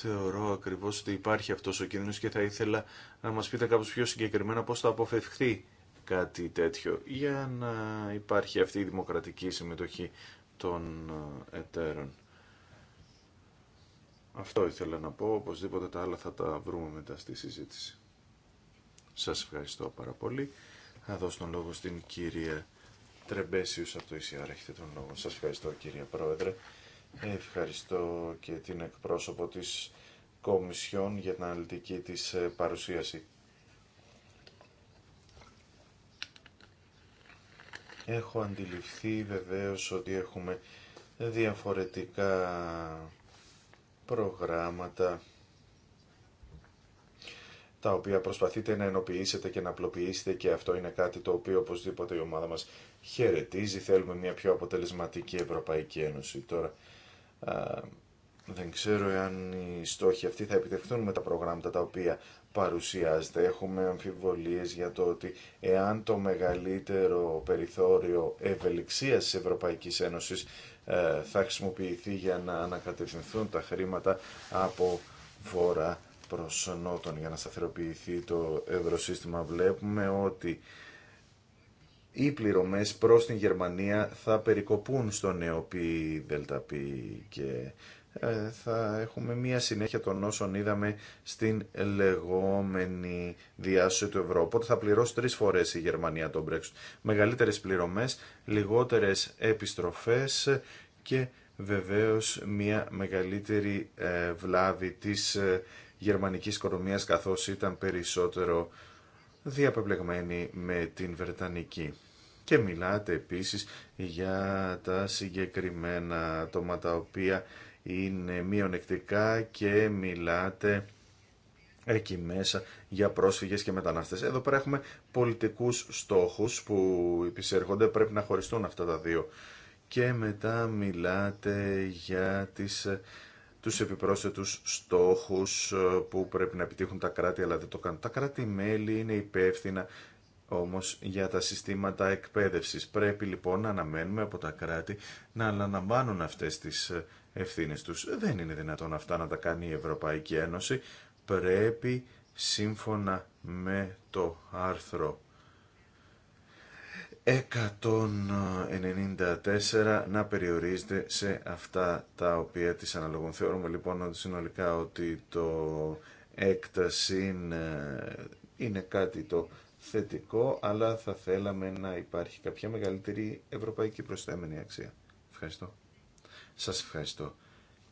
θεωρώ ακριβώς ότι υπάρχει αυτός ο κίνδυνος και θα ήθελα να μας πείτε κάπως πιο συγκεκριμένα πώς θα αποφευχθεί κάτι τέτοιο για να υπάρχει αυτή η δημοκρατική συμμετοχή των ε, εταίρων. Αυτό ήθελα να πω, οπωσδήποτε τα άλλα θα τα βρούμε μετά στη συζήτηση. Σας ευχαριστώ πάρα πολύ. Θα δώσω τον λόγο στην κυρία Τρεμπέσιους από το ECR. Έχετε τον λόγο. Σας ευχαριστώ κυρία Πρόεδρε. Ευχαριστώ και την εκπρόσωπο της Κομισιόν για την αναλυτική της ε, παρουσίαση. Έχω αντιληφθεί βεβαίως ότι έχουμε διαφορετικά προγράμματα τα οποία προσπαθείτε να ενοποιήσετε και να απλοποιήσετε και αυτό είναι κάτι το οποίο οπωσδήποτε η ομάδα μας χαιρετίζει. Θέλουμε μια πιο αποτελεσματική Ευρωπαϊκή Ένωση. Τώρα δεν ξέρω αν οι στόχοι αυτοί θα επιτευχθούν με τα προγράμματα τα οποία παρουσιάζεται. Έχουμε αμφιβολίες για το ότι εάν το μεγαλύτερο περιθώριο ευελιξίας της Ευρωπαϊκής Ένωσης ε, θα χρησιμοποιηθεί για να ανακατευθυνθούν τα χρήματα από βόρα προς νότον για να σταθεροποιηθεί το ευρωσύστημα. Βλέπουμε ότι οι πληρωμές προς την Γερμανία θα περικοπούν στο νέο πι και ε, θα έχουμε μία συνέχεια των όσων είδαμε στην λεγόμενη διάσωση του ευρώ. Οπότε θα πληρώσει τρεις φορές η Γερμανία τον Brexit. Μεγαλύτερες πληρωμές, λιγότερες επιστροφές και βεβαίως μία μεγαλύτερη ε, βλάβη της ε, γερμανικής οικονομίας καθώ ήταν περισσότερο διαπεπλεγμένη με την Βρετανική. Και μιλάτε επίσης για τα συγκεκριμένα άτομα τα οποία είναι μειονεκτικά και μιλάτε εκεί μέσα για πρόσφυγες και μετανάστες. Εδώ πέρα έχουμε πολιτικούς στόχους που επισέρχονται, πρέπει να χωριστούν αυτά τα δύο. Και μετά μιλάτε για τις, τους επιπρόσθετους στόχους ε, που πρέπει να επιτύχουν τα κράτη, αλλά δεν το κάνουν. Τα κράτη-μέλη είναι υπεύθυνα όμως για τα συστήματα εκπαίδευσης. Πρέπει λοιπόν να αναμένουμε από τα κράτη να αναλαμβάνουν αυτές τις ε, ευθύνες τους. Δεν είναι δυνατόν αυτά να τα κάνει η Ευρωπαϊκή Ένωση. Πρέπει σύμφωνα με το άρθρο 194 να περιορίζεται σε αυτά τα οποία τις αναλογούν. Θεωρούμε λοιπόν συνολικά ότι το έκταση είναι ε, κάτι το θετικό, αλλά θα θέλαμε να υπάρχει κάποια μεγαλύτερη ευρωπαϊκή προσθέμενη αξία. Ευχαριστώ. Σας ευχαριστώ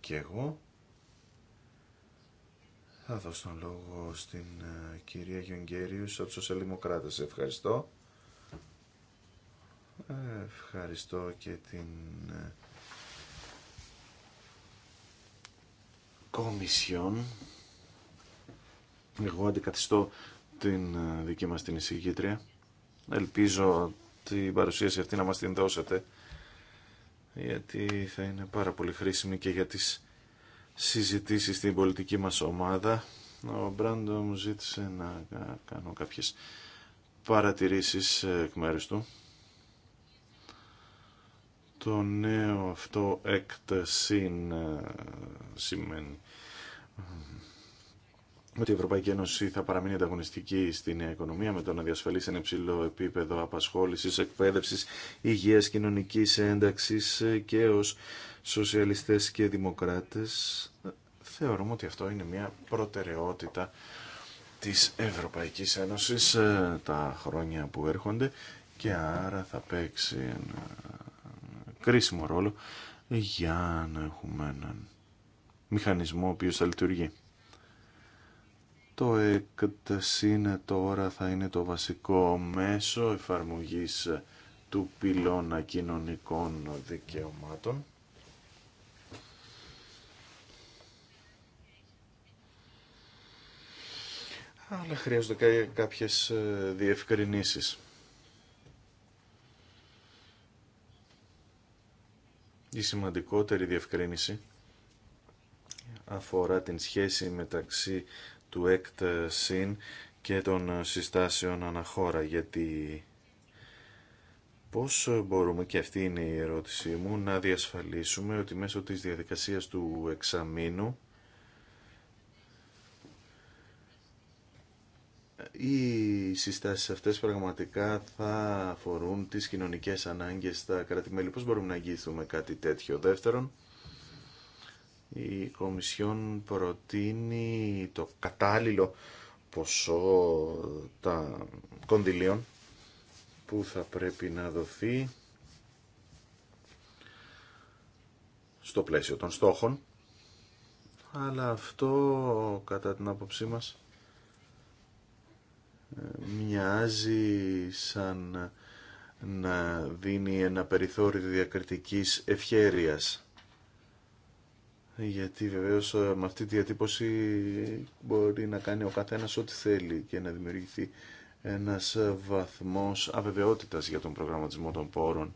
και εγώ. Θα δώσω τον λόγο στην ε, κυρία Γιονγκέριου από σοσιαλδημοκράτα. Σοσιαλδημοκράτες. Ευχαριστώ. Ε, ευχαριστώ και την ε, Κομισιόν. Εγώ αντικαθιστώ την ε, δική μας την εισηγήτρια. Ελπίζω την παρουσίαση αυτή να μας την δώσετε γιατί θα είναι πάρα πολύ χρήσιμη και για τις συζητήσεις στην πολιτική μας ομάδα. Ο Μπράντο μου ζήτησε να κάνω κάποιες παρατηρήσεις εκ μέρους του. Το νέο αυτό Εκτασίν ε, σημαίνει ότι η Ευρωπαϊκή Ένωση θα παραμείνει ανταγωνιστική στην οικονομία με το να διασφαλίσει ένα υψηλό επίπεδο απασχόλησης, εκπαίδευση υγεία κοινωνικής ένταξη και ως σοσιαλιστές και δημοκράτες θεωρούμε ότι αυτό είναι μια προτεραιότητα της Ευρωπαϊκής Ένωσης ε, τα χρόνια που έρχονται και άρα θα παίξει ένα κρίσιμο ρόλο για να έχουμε έναν μηχανισμό ο οποίος θα λειτουργεί. Το ΕΚΤΣΥΝ τώρα θα είναι το βασικό μέσο εφαρμογής του πυλώνα κοινωνικών δικαιωμάτων. αλλά χρειάζονται κάποιες ε, διευκρινήσεις. Η σημαντικότερη διευκρίνηση αφορά την σχέση μεταξύ του ΕΚΤ ε, ΣΥΝ και των ε, συστάσεων αναχώρα γιατί πώς ε, μπορούμε, και αυτή είναι η ερώτησή μου, να διασφαλίσουμε ότι μέσω της διαδικασίας του εξαμήνου οι συστάσεις αυτές πραγματικά θα αφορούν τις κοινωνικές ανάγκες στα κράτη-μέλη. Πώς μπορούμε να αγγίσουμε κάτι τέτοιο. Δεύτερον, η Κομισιόν προτείνει το κατάλληλο ποσό τα κονδυλίων που θα πρέπει να δοθεί στο πλαίσιο των στόχων αλλά αυτό κατά την άποψή μας μοιάζει σαν να δίνει ένα περιθώριο διακριτικής ευχέρειας γιατί βεβαίω ε, με αυτή τη διατύπωση μπορεί να κάνει ο καθένας ό,τι θέλει και να δημιουργηθεί ένας ε, βαθμός αβεβαιότητας για τον προγραμματισμό των πόρων.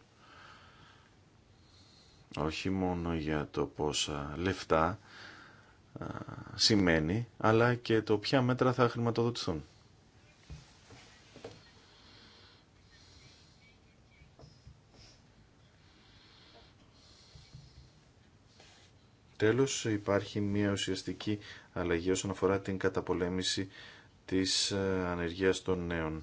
Όχι μόνο για το πόσα λεφτά ε, σημαίνει, αλλά και το ποια μέτρα θα χρηματοδοτηθούν. Τέλος, υπάρχει μια ουσιαστική αλλαγή όσον αφορά την καταπολέμηση της ε, ανεργίας των νέων.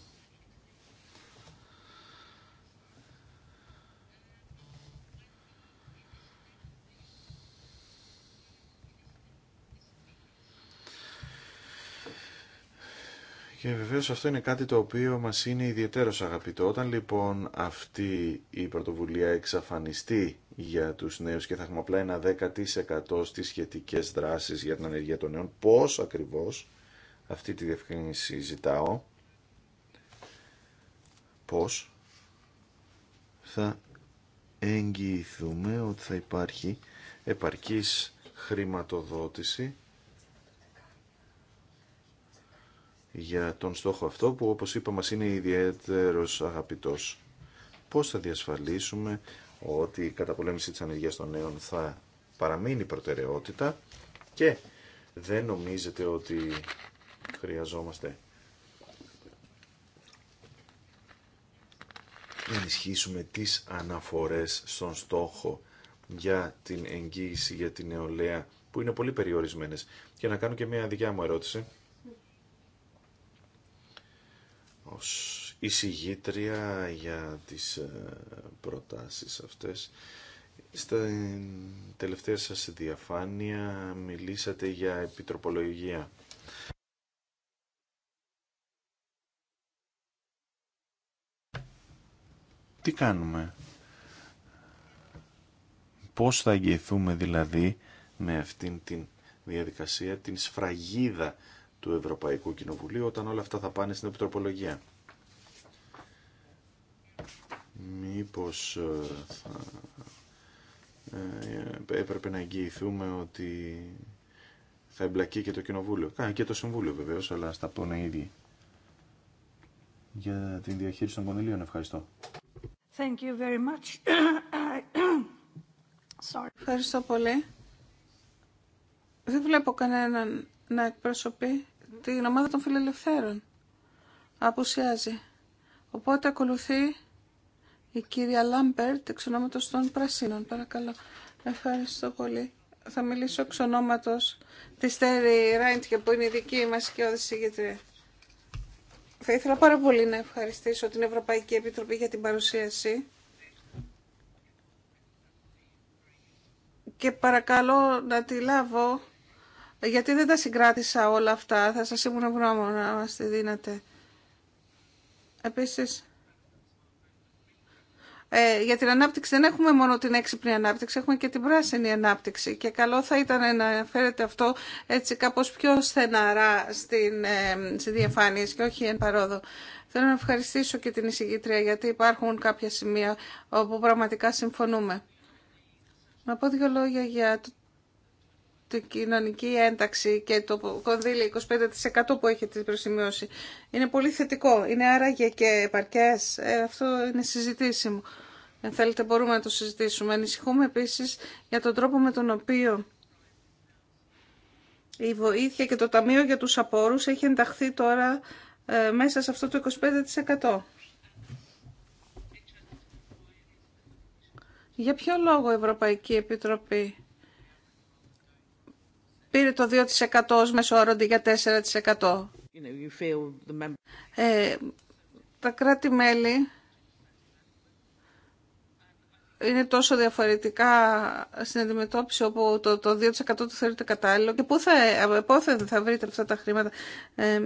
Και βεβαίω αυτό είναι κάτι το οποίο μα είναι ιδιαίτερο αγαπητό. Όταν λοιπόν αυτή η πρωτοβουλία εξαφανιστεί για τους νέους και θα έχουμε απλά ένα 10% στις σχετικές δράσεις για την ανεργία των νέων. Πώς ακριβώς, αυτή τη διευκρίνηση ζητάω, πώς θα εγγυηθούμε ότι θα υπάρχει επαρκής χρηματοδότηση για τον στόχο αυτό που όπως είπα μας είναι ιδιαίτερος αγαπητός. Πώς θα διασφαλίσουμε ότι η καταπολέμηση της ανεργίας των νέων θα παραμείνει προτεραιότητα και δεν νομίζετε ότι χρειαζόμαστε να ενισχύσουμε τις αναφορές στον στόχο για την εγγύηση για την νεολαία που είναι πολύ περιορισμένες. Και να κάνω και μια δικιά μου ερώτηση εισηγήτρια για τις ε, προτάσεις αυτές. Στα τελευταία σας διαφάνεια μιλήσατε για επιτροπολογία. Τι κάνουμε. Πώς θα εγγυηθούμε δηλαδή με αυτήν την διαδικασία, την σφραγίδα του Ευρωπαϊκού Κοινοβουλίου όταν όλα αυτά θα πάνε στην επιτροπολογία μήπως ε, ε, έπρεπε να εγγυηθούμε ότι θα εμπλακεί και το Κοινοβούλιο. Α, και το Συμβούλιο βεβαίω, αλλά στα πόνα ήδη Για την διαχείριση των κονδυλίων, ευχαριστώ. Thank you very much. Sorry. Ευχαριστώ πολύ. Δεν βλέπω κανέναν να εκπροσωπεί την ομάδα των φιλελευθέρων. Απουσιάζει. Οπότε ακολουθεί η κυρία Λάμπερτ, εξ ονόματος των Πρασίνων, παρακαλώ. Ευχαριστώ πολύ. Θα μιλήσω εξ ονόματος της Τέρι και που είναι η δική μας και ηγετρία. Θα ήθελα πάρα πολύ να ευχαριστήσω την Ευρωπαϊκή Επιτροπή για την παρουσίαση. Και παρακαλώ να τη λάβω, γιατί δεν τα συγκράτησα όλα αυτά. Θα σας ήμουν ευγνώμων να μας τη δίνατε. Επίσης, ε, για την ανάπτυξη δεν έχουμε μόνο την έξυπνη ανάπτυξη, έχουμε και την πράσινη ανάπτυξη και καλό θα ήταν να φέρετε αυτό έτσι κάπως πιο στεναρά στην, ε, στη διαφάνεια και όχι εν παρόδο. Θέλω να ευχαριστήσω και την εισηγήτρια γιατί υπάρχουν κάποια σημεία όπου πραγματικά συμφωνούμε. Να πω δύο λόγια για το την κοινωνική ένταξη και το κονδύλι 25% που έχετε προσημειώσει. Είναι πολύ θετικό. Είναι άραγε και επαρκές. Ε, αυτό είναι συζητήσιμο. Αν θέλετε μπορούμε να το συζητήσουμε. Ανησυχούμε επίσης για τον τρόπο με τον οποίο η βοήθεια και το Ταμείο για τους Απόρους έχει ενταχθεί τώρα ε, μέσα σε αυτό το 25%. Για ποιο λόγο η Ευρωπαϊκή Επιτροπή πήρε το 2% ως μέσο για 4%. Ε, τα κράτη-μέλη είναι τόσο διαφορετικά στην αντιμετώπιση όπου το, το 2% του θεωρείται κατάλληλο και πού θα, θα, βρείτε αυτά τα χρήματα ε,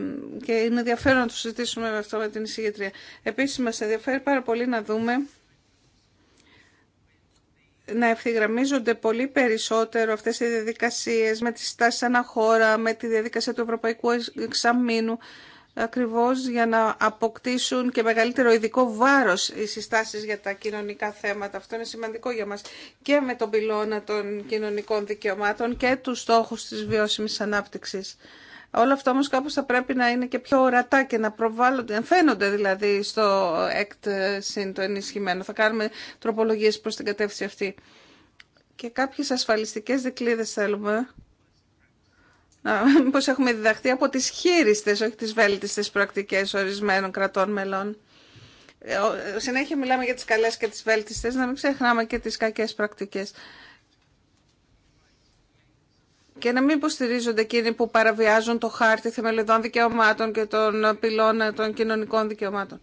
και είναι ενδιαφέρον να το συζητήσουμε με αυτό με την εισηγητρία. Επίσης μας ενδιαφέρει πάρα πολύ να δούμε να ευθυγραμμίζονται πολύ περισσότερο αυτές οι διαδικασίες με τις στάσεις αναχώρα, με τη διαδικασία του Ευρωπαϊκού Εξαμήνου, ακριβώς για να αποκτήσουν και μεγαλύτερο ειδικό βάρος οι συστάσεις για τα κοινωνικά θέματα. Αυτό είναι σημαντικό για μας και με τον πυλώνα των κοινωνικών δικαιωμάτων και τους στόχους της βιώσιμης ανάπτυξης. Όλα αυτά όμως κάπως θα πρέπει να είναι και πιο ορατά και να προβάλλονται, φαίνονται δηλαδή στο ΕΚΤ συν το ενισχυμένο. Θα κάνουμε τροπολογίες προς την κατεύθυνση αυτή. Και κάποιες ασφαλιστικές δικλείδες θέλουμε. Να, έχουμε διδαχθεί από τις χείριστες, όχι τις βέλτιστες πρακτικές ορισμένων κρατών μελών. Ε, συνέχεια μιλάμε για τις καλές και τις βέλτιστες, να μην ξεχνάμε και τις κακές πρακτικές και να μην υποστηρίζονται εκείνοι που παραβιάζουν το χάρτη θεμελιωδών δικαιωμάτων και των πυλών ε, των κοινωνικών δικαιωμάτων.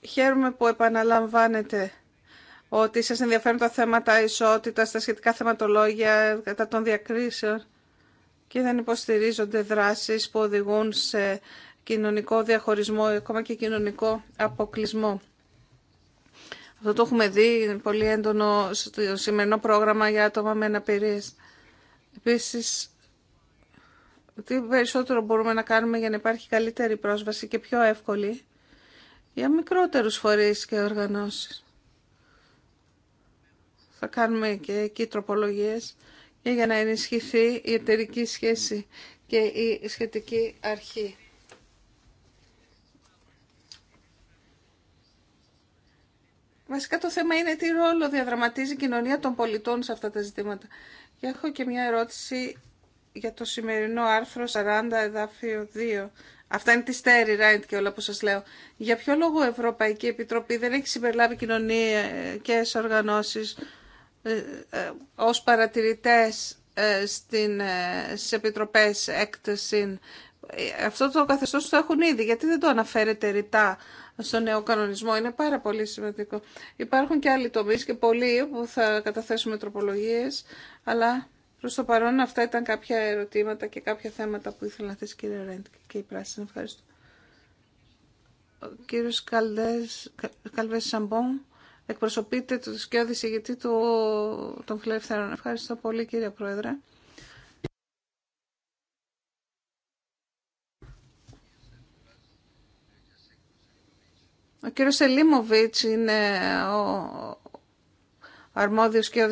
Χαίρομαι που επαναλαμβάνετε ότι σας ενδιαφέρουν τα θέματα ισότητας, τα σχετικά θεματολόγια κατά των διακρίσεων και δεν υποστηρίζονται δράσεις που οδηγούν σε κοινωνικό διαχωρισμό, ακόμα και κοινωνικό αποκλεισμό. Αυτό το έχουμε δει πολύ έντονο στο σημερινό πρόγραμμα για άτομα με αναπηρίες. Επίσης, τι περισσότερο μπορούμε να κάνουμε για να υπάρχει καλύτερη πρόσβαση και πιο εύκολη για μικρότερους φορείς και οργανώσεις. Θα κάνουμε και εκεί τροπολογίες για να ενισχυθεί η εταιρική σχέση και η σχετική αρχή. Βασικά το θέμα είναι τι ρόλο διαδραματίζει η κοινωνία των πολιτών σε αυτά τα ζητήματα. Και έχω και μια ερώτηση για το σημερινό άρθρο 40 εδάφιο 2. Αυτά είναι τη Στέρι Ράιντ και όλα που σας λέω. Για ποιο λόγο η Ευρωπαϊκή Επιτροπή δεν έχει συμπεριλάβει κοινωνικές οργανώσεις ε, ε, ως παρατηρητές ε, στην, στις επιτροπές Αυτό το καθεστώς το έχουν ήδη. Γιατί δεν το αναφέρετε ρητά στο νέο κανονισμό. Είναι πάρα πολύ σημαντικό. Υπάρχουν και άλλοι τομείς και πολλοί που θα καταθέσουμε τροπολογίες, αλλά προς το παρόν αυτά ήταν κάποια ερωτήματα και κάποια θέματα που ήθελα να θέσει κύριε Ρέντ και η Πράσινη. Ευχαριστώ. Ο κύριος Καλδές, Καλβές Σαμπόν εκπροσωπείται του σκιώδη ηγετή του των Φιλελευθέρων. Ευχαριστώ πολύ κύριε Πρόεδρε. Ο κύριος Ελίμοβιτς είναι ο αρμόδιος και ο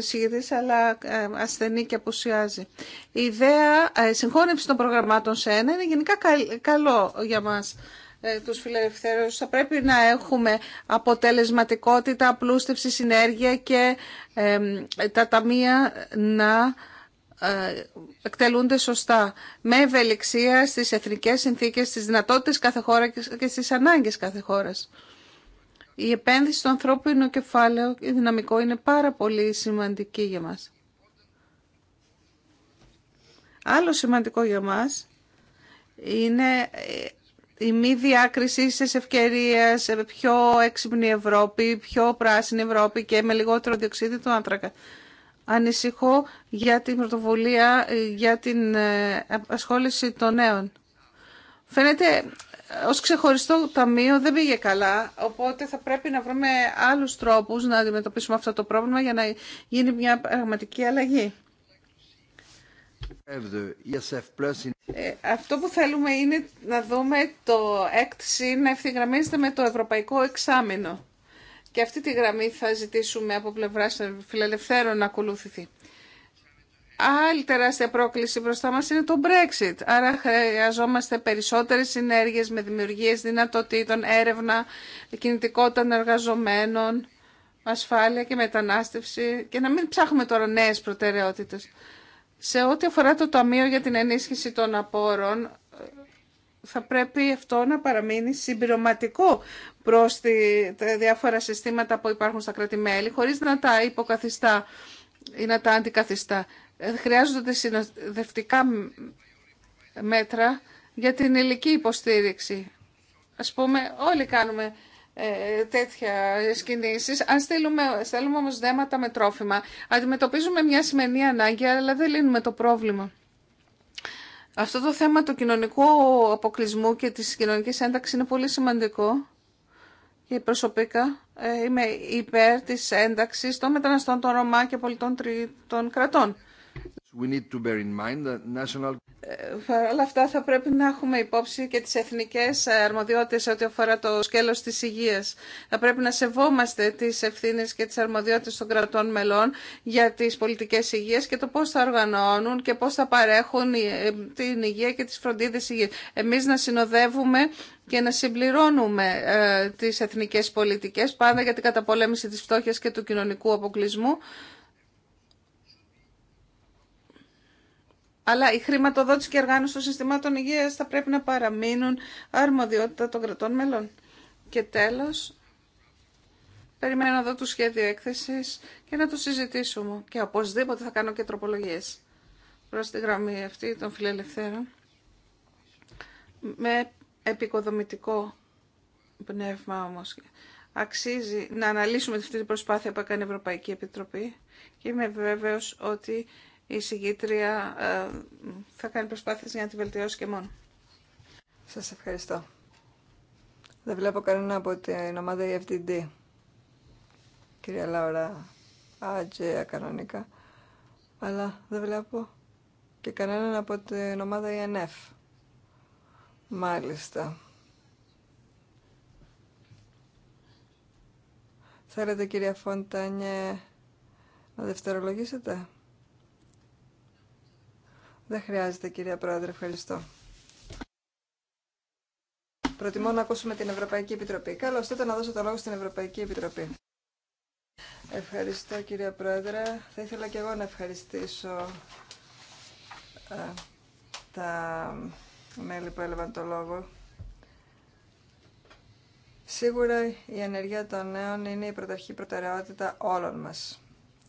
αλλά ε, ασθενή και απουσιάζει. Η ιδέα ε, συγχώνευση των προγραμμάτων σε ένα είναι γενικά καλό για μας ε, τους φιλελευθέρους. Θα πρέπει να έχουμε αποτελεσματικότητα, απλούστευση, συνέργεια και τα ταμεία να εκτελούνται σωστά, με ευελιξία στις εθνικές συνθήκες, στις δυνατότητες κάθε χώρα και στις ανάγκες κάθε χώρας η επένδυση στο ανθρώπινο κεφάλαιο και δυναμικό είναι πάρα πολύ σημαντική για μας. Άλλο σημαντικό για μας είναι ε, η μη διάκριση στις ευκαιρίες σε πιο έξυπνη Ευρώπη, πιο πράσινη Ευρώπη και με λιγότερο διοξίδι του άνθρακα. Ανησυχώ για την πρωτοβουλία ε, για την ε, ασχόληση των νέων. Φαίνεται ως ξεχωριστό ταμείο δεν πήγε καλά, οπότε θα πρέπει να βρούμε άλλους τρόπους να αντιμετωπίσουμε αυτό το πρόβλημα για να γίνει μια πραγματική αλλαγή. E ε, αυτό που θέλουμε είναι να δούμε το έκτηση να ευθυγραμμίζεται με το ευρωπαϊκό εξάμεινο. Και αυτή τη γραμμή θα ζητήσουμε από πλευράς φιλελευθέρων να ακολουθηθεί άλλη τεράστια πρόκληση μπροστά μας είναι το Brexit. Άρα χρειαζόμαστε περισσότερες συνέργειες με δημιουργίες δυνατοτήτων, έρευνα, κινητικότητα εργαζομένων, ασφάλεια και μετανάστευση και να μην ψάχνουμε τώρα νέες προτεραιότητες. Σε ό,τι αφορά το Ταμείο για την ενίσχυση των απόρων, θα πρέπει αυτό να παραμείνει συμπληρωματικό προς τη, τα διάφορα συστήματα που υπάρχουν στα κρατημέλη, χωρίς να τα υποκαθιστά ή να τα αντικαθιστά χρειάζονται συνοδευτικά μέτρα για την ηλική υποστήριξη. Ας πούμε, όλοι κάνουμε ε, τέτοια κινήσεις. Αν στέλνουμε, στέλνουμε όμως δέματα με τρόφιμα, αντιμετωπίζουμε μια σημερινή ανάγκη, αλλά δεν λύνουμε το πρόβλημα. Αυτό το θέμα του κοινωνικού αποκλεισμού και της κοινωνικής ένταξης είναι πολύ σημαντικό και προσωπικά ε, είμαι υπέρ της ένταξης των μεταναστών των Ρωμά και πολιτών των κρατών. Παρ' ε, όλα αυτά θα πρέπει να έχουμε υπόψη και τις εθνικές αρμοδιότητες ό,τι αφορά το σκέλος της υγείας. Θα πρέπει να σεβόμαστε τις ευθύνες και τις αρμοδιότητες των κρατών μελών για τις πολιτικές υγείας και το πώς θα οργανώνουν και πώς θα παρέχουν ε, την υγεία και τις φροντίδες υγείας. Εμείς να συνοδεύουμε και να συμπληρώνουμε ε, τις εθνικές πολιτικές πάντα για την καταπολέμηση της φτώχειας και του κοινωνικού αποκλεισμού Αλλά η χρηματοδότηση και η οργάνωση των συστημάτων υγείας θα πρέπει να παραμείνουν αρμοδιότητα των κρατών μελών. Και τέλος, περιμένω εδώ το σχέδιο έκθεσης και να το συζητήσουμε. Και οπωσδήποτε θα κάνω και τροπολογίε. προς τη γραμμή αυτή των φιλελευθέρων. Με επικοδομητικό πνεύμα όμως. Αξίζει να αναλύσουμε αυτή την προσπάθεια που έκανε η Ευρωπαϊκή Επιτροπή και είμαι βέβαιος ότι η συγκήτρια ε, θα κάνει προσπάθειες για να τη βελτιώσει και μόνο. Σας ευχαριστώ. Δεν βλέπω κανένα από την ομάδα EFTD. Κυρία Λάουρα, άτζεα κανονικά. Αλλά δεν βλέπω και κανέναν από την ομάδα ENF. Μάλιστα. Θέλετε κυρία Φοντάνιε να δευτερολογήσετε. Δεν χρειάζεται, κυρία Πρόεδρε. Ευχαριστώ. Προτιμώ να ακούσουμε την Ευρωπαϊκή Επιτροπή. Καλώ ήρθατε να δώσω το λόγο στην Ευρωπαϊκή Επιτροπή. Ευχαριστώ, κυρία Πρόεδρε. Θα ήθελα και εγώ να ευχαριστήσω ε, τα μέλη που έλαβαν το λόγο. Σίγουρα η ενεργεία των νέων είναι η πρωταρχή προτεραιότητα όλων μας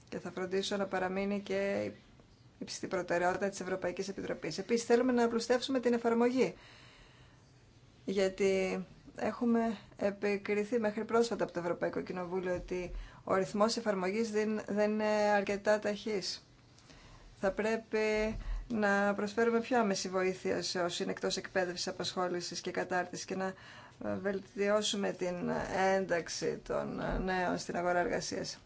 και θα φροντίσω να παραμείνει και στην προτεραιότητα της Ευρωπαϊκής Επιτροπής. Επίσης, θέλουμε να απλουστεύσουμε την εφαρμογή, γιατί έχουμε επικριθεί μέχρι πρόσφατα από το Ευρωπαϊκό Κοινοβούλιο ότι ο ρυθμός εφαρμογής δεν είναι αρκετά ταχύς. Θα πρέπει να προσφέρουμε πιο άμεση βοήθεια σε όσοι είναι εκτός εκπαίδευσης, απασχόλησης και κατάρτισης και να ε, βελτιώσουμε την ένταξη των ε, νέων στην αγορά εργασίας.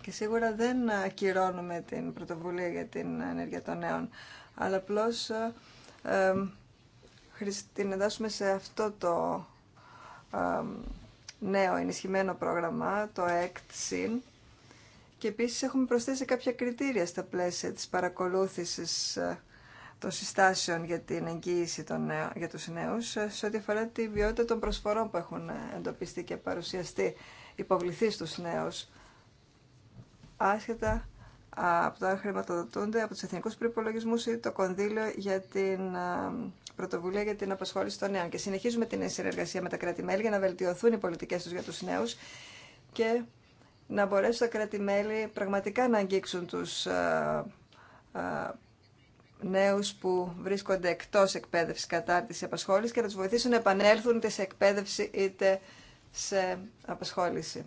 Και σίγουρα δεν ακυρώνουμε την πρωτοβουλία για την ενέργεια των νέων, αλλά απλώ ε, ε την εντάσσουμε σε αυτό το ε, νέο ενισχυμένο πρόγραμμα, το ECT-SYN, και επίσης έχουμε προσθέσει κάποια κριτήρια στα πλαίσια της παρακολούθησης ε, των συστάσεων για την εγγύηση των για τους νέους σε ό,τι αφορά τη βιότητα των προσφορών που έχουν εντοπιστεί και παρουσιαστεί υποβληθεί στους νέους άσχετα από το αν χρηματοδοτούνται από τους εθνικούς προπολογισμού, ή το κονδύλιο για την πρωτοβουλία για την απασχόληση των νέων. Και συνεχίζουμε την συνεργασία με τα κράτη-μέλη για να βελτιωθούν οι πολιτικές τους για τους νέους και να μπορέσουν τα κράτη-μέλη πραγματικά να αγγίξουν τους νέους που βρίσκονται εκτός εκπαίδευσης, κατάρτισης, απασχόληση και να τους βοηθήσουν να επανέλθουν είτε σε εκπαίδευση είτε σε απασχόληση.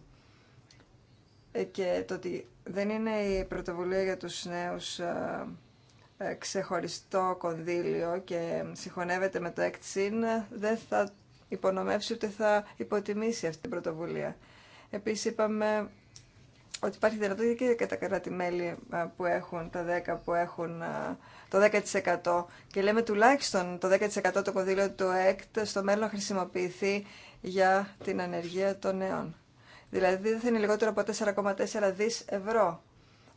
Ε, και το ότι δεν είναι η πρωτοβουλία για τους νέους ε, ε, ξεχωριστό κονδύλιο και συγχωνεύεται με το ΕΚΤΣΙΝ δεν θα υπονομεύσει ούτε θα υποτιμήσει αυτή την πρωτοβουλία. Επίσης είπαμε ότι υπάρχει δυνατότητα και για τα κράτη-μέλη που έχουν τα 10 που έχουν το 10% και λέμε τουλάχιστον το 10% το κονδύλιο του ΕΚΤ στο μέλλον χρησιμοποιηθεί για την ανεργία των νέων. Δηλαδή δεν θα είναι λιγότερο από 4,4 δις ευρώ.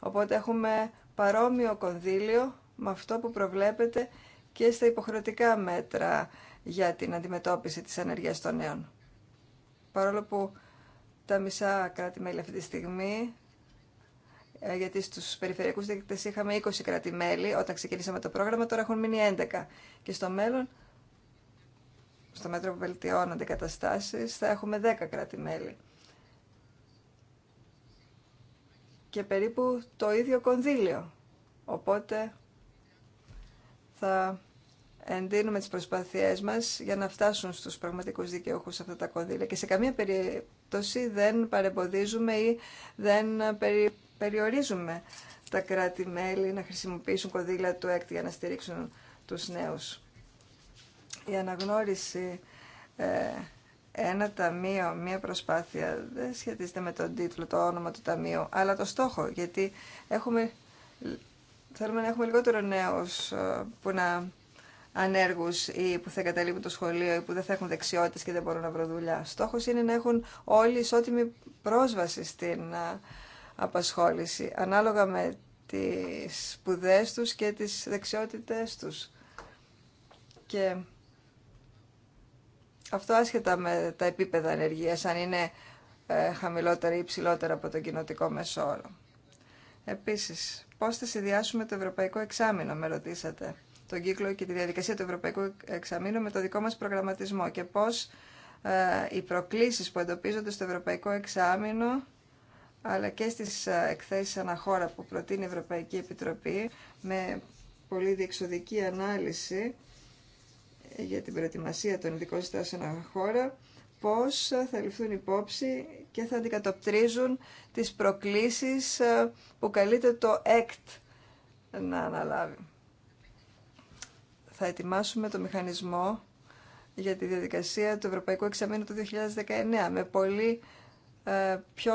Οπότε έχουμε παρόμοιο κονδύλιο με αυτό που προβλέπεται και στα υποχρεωτικά μέτρα για την αντιμετώπιση της ανεργίας των νέων. Παρόλο που τα μισά κράτη-μέλη αυτή τη στιγμή, ε, γιατί στους περιφερειακούς δίκτες είχαμε 20 κράτη-μέλη όταν ξεκινήσαμε το πρόγραμμα, τώρα έχουν μείνει 11. Και στο μέλλον, στο μέτρο που βελτιώνονται οι καταστάσεις, θα έχουμε 10 κράτη-μέλη. και περίπου το ίδιο κονδύλιο. Οπότε θα εντείνουμε τις προσπάθειές μας για να φτάσουν στους πραγματικούς δικαιούχους αυτά τα κονδύλια και σε καμία περίπτωση δεν παρεμποδίζουμε ή δεν περιορίζουμε τα κράτη-μέλη να χρησιμοποιήσουν κονδύλια του ΕΚΤ για να στηρίξουν τους νέους. Η αναγνώριση ε, ένα ταμείο, μία προσπάθεια δεν σχετίζεται με τον τίτλο, το όνομα του ταμείου, αλλά το στόχο, γιατί έχουμε, θέλουμε να έχουμε λιγότερο νέους ε, που να ανέργους ή που θα εγκαταλείπουν το σχολείο ή που δεν θα έχουν δεξιότητες και δεν μπορούν να βρουν δουλειά. Στόχος είναι να έχουν όλοι ισότιμη πρόσβαση στην ε, απασχόληση, ανάλογα με τις σπουδέ τους και τις δεξιότητές τους. Αυτό άσχετα με τα επίπεδα ενεργείας, αν είναι ε, χαμηλότερα ή υψηλότερα από τον κοινοτικό μεσόωρο. Επίσης, πώς θα συνδυάσουμε το Ευρωπαϊκό Εξάμεινο, με ρωτήσατε, τον κύκλο και τη διαδικασία του Ευρωπαϊκού εξάμεινου με το δικό μας προγραμματισμό και πώς ε, οι προκλήσεις που εντοπίζονται στο Ευρωπαϊκό Εξάμεινο αλλά και στις ε, εκθέσεις αναχώρα που προτείνει η Ευρωπαϊκή Επιτροπή με πολύ διεξοδική ανάλυση για την προετοιμασία των ειδικών συστάσεων χώρα, πώς θα ληφθούν υπόψη και θα αντικατοπτρίζουν τις προκλήσεις ε, που καλείται το ΕΚΤ να αναλάβει. Θα ετοιμάσουμε το μηχανισμό για τη διαδικασία του Ευρωπαϊκού Εξαμήνου του 2019 με πολύ ε, πιο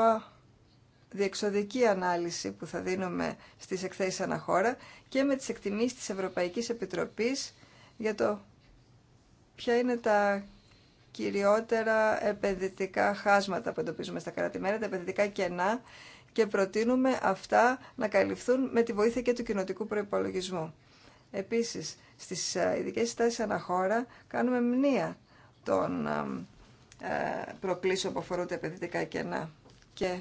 διεξοδική ανάλυση που θα δίνουμε στις εκθέσεις αναχώρα και με τις εκτιμήσεις της Ευρωπαϊκής Επιτροπής για το ποια είναι τα κυριότερα επενδυτικά χάσματα που εντοπίζουμε στα κρατη τα επενδυτικά κενά και προτείνουμε αυτά να καλυφθούν με τη βοήθεια και του κοινοτικού προϋπολογισμού. Επίσης, στις ε, ειδικές συστάσεις αναχώρα κάνουμε μνήα των ε, ε, προκλήσεων που αφορούν τα επενδυτικά κενά και